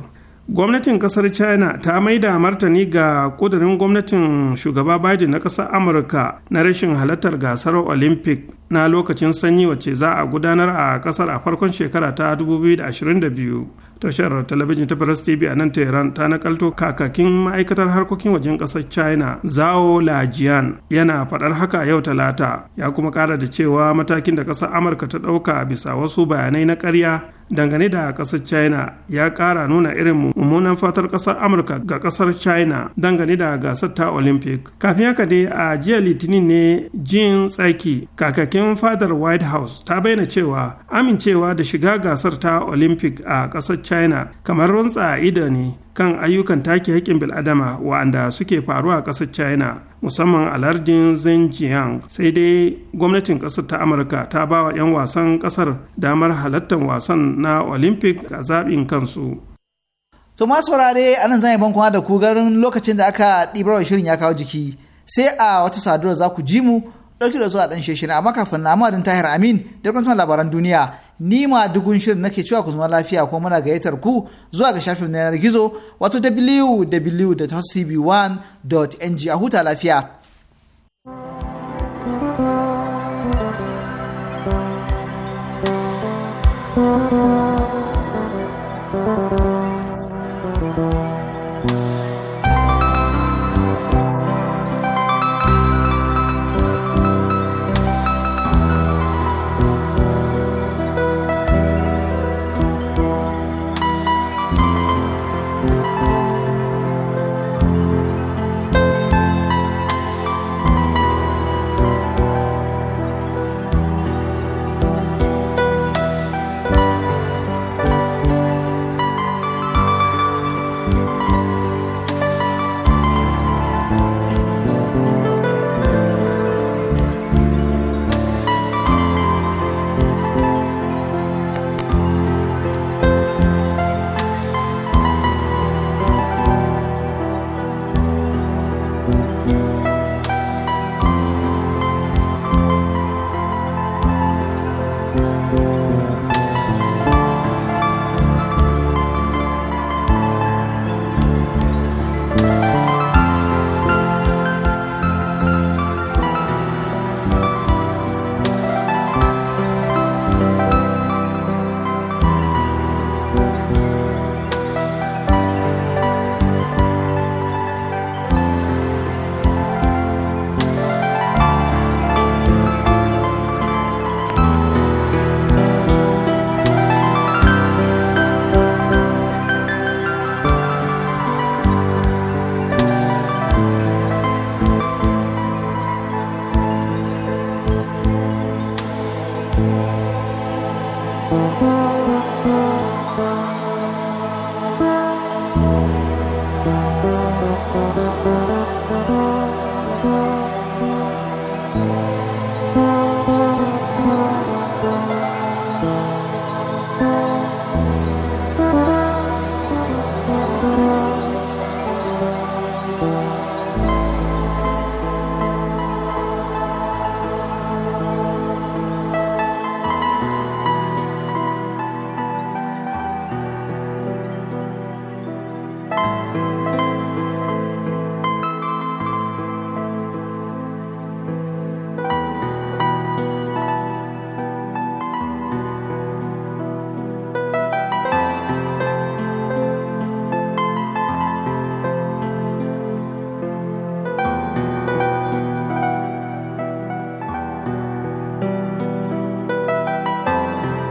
gwamnatin kasar china ta maida martani ga kudurin gwamnatin shugaba biden na kasar amurka na rashin halartar gasar olympic na lokacin sanyi wacce za a gudanar a kasar a farkon shekara ta 2022 tashar talabijin ta press tv a nan tehran ta nakalto kakakin ma'aikatar harkokin wajen kasar china zao lajian yana faɗar haka yau talata ya kuma ƙara da cewa matakin da kasar amurka ta ɗauka bisa wasu bayanai na karya. dangane da kasar china ya kara nuna irin mummunan fatar kasar amurka ga kasar china dangane da gasar ta olympic kafin haka dai a jiya litinin ne jin tsaki kakakin fadar white house ta bayyana cewa amincewa da shiga gasar ta olympic a kasar china kamar runtsa ido ne kan ayyukan take haƙƙin bil'adama wa'anda suke faruwa a ƙasar china musamman a lardin Xinjiang sai dai gwamnatin ƙasar ta Amurka ta ba wa 'yan wasan ƙasar damar halartar wasan na Olympic a zaɓin kansu. To masu saurare a nan zan yi da ku garin lokacin da aka ɗibar shirin ya kawo jiki sai a wata saduwar za ku ji mu ɗauki da zuwa ɗan shirin amma kafin na amadin tahir amin da kuma labaran duniya ni ma dugun shirin nake cewa ku zama lafiya ko muna gayyatar ku zuwa ga shafin na yanar gizo wato wwwhcb 1ng a huta lafiya. thank you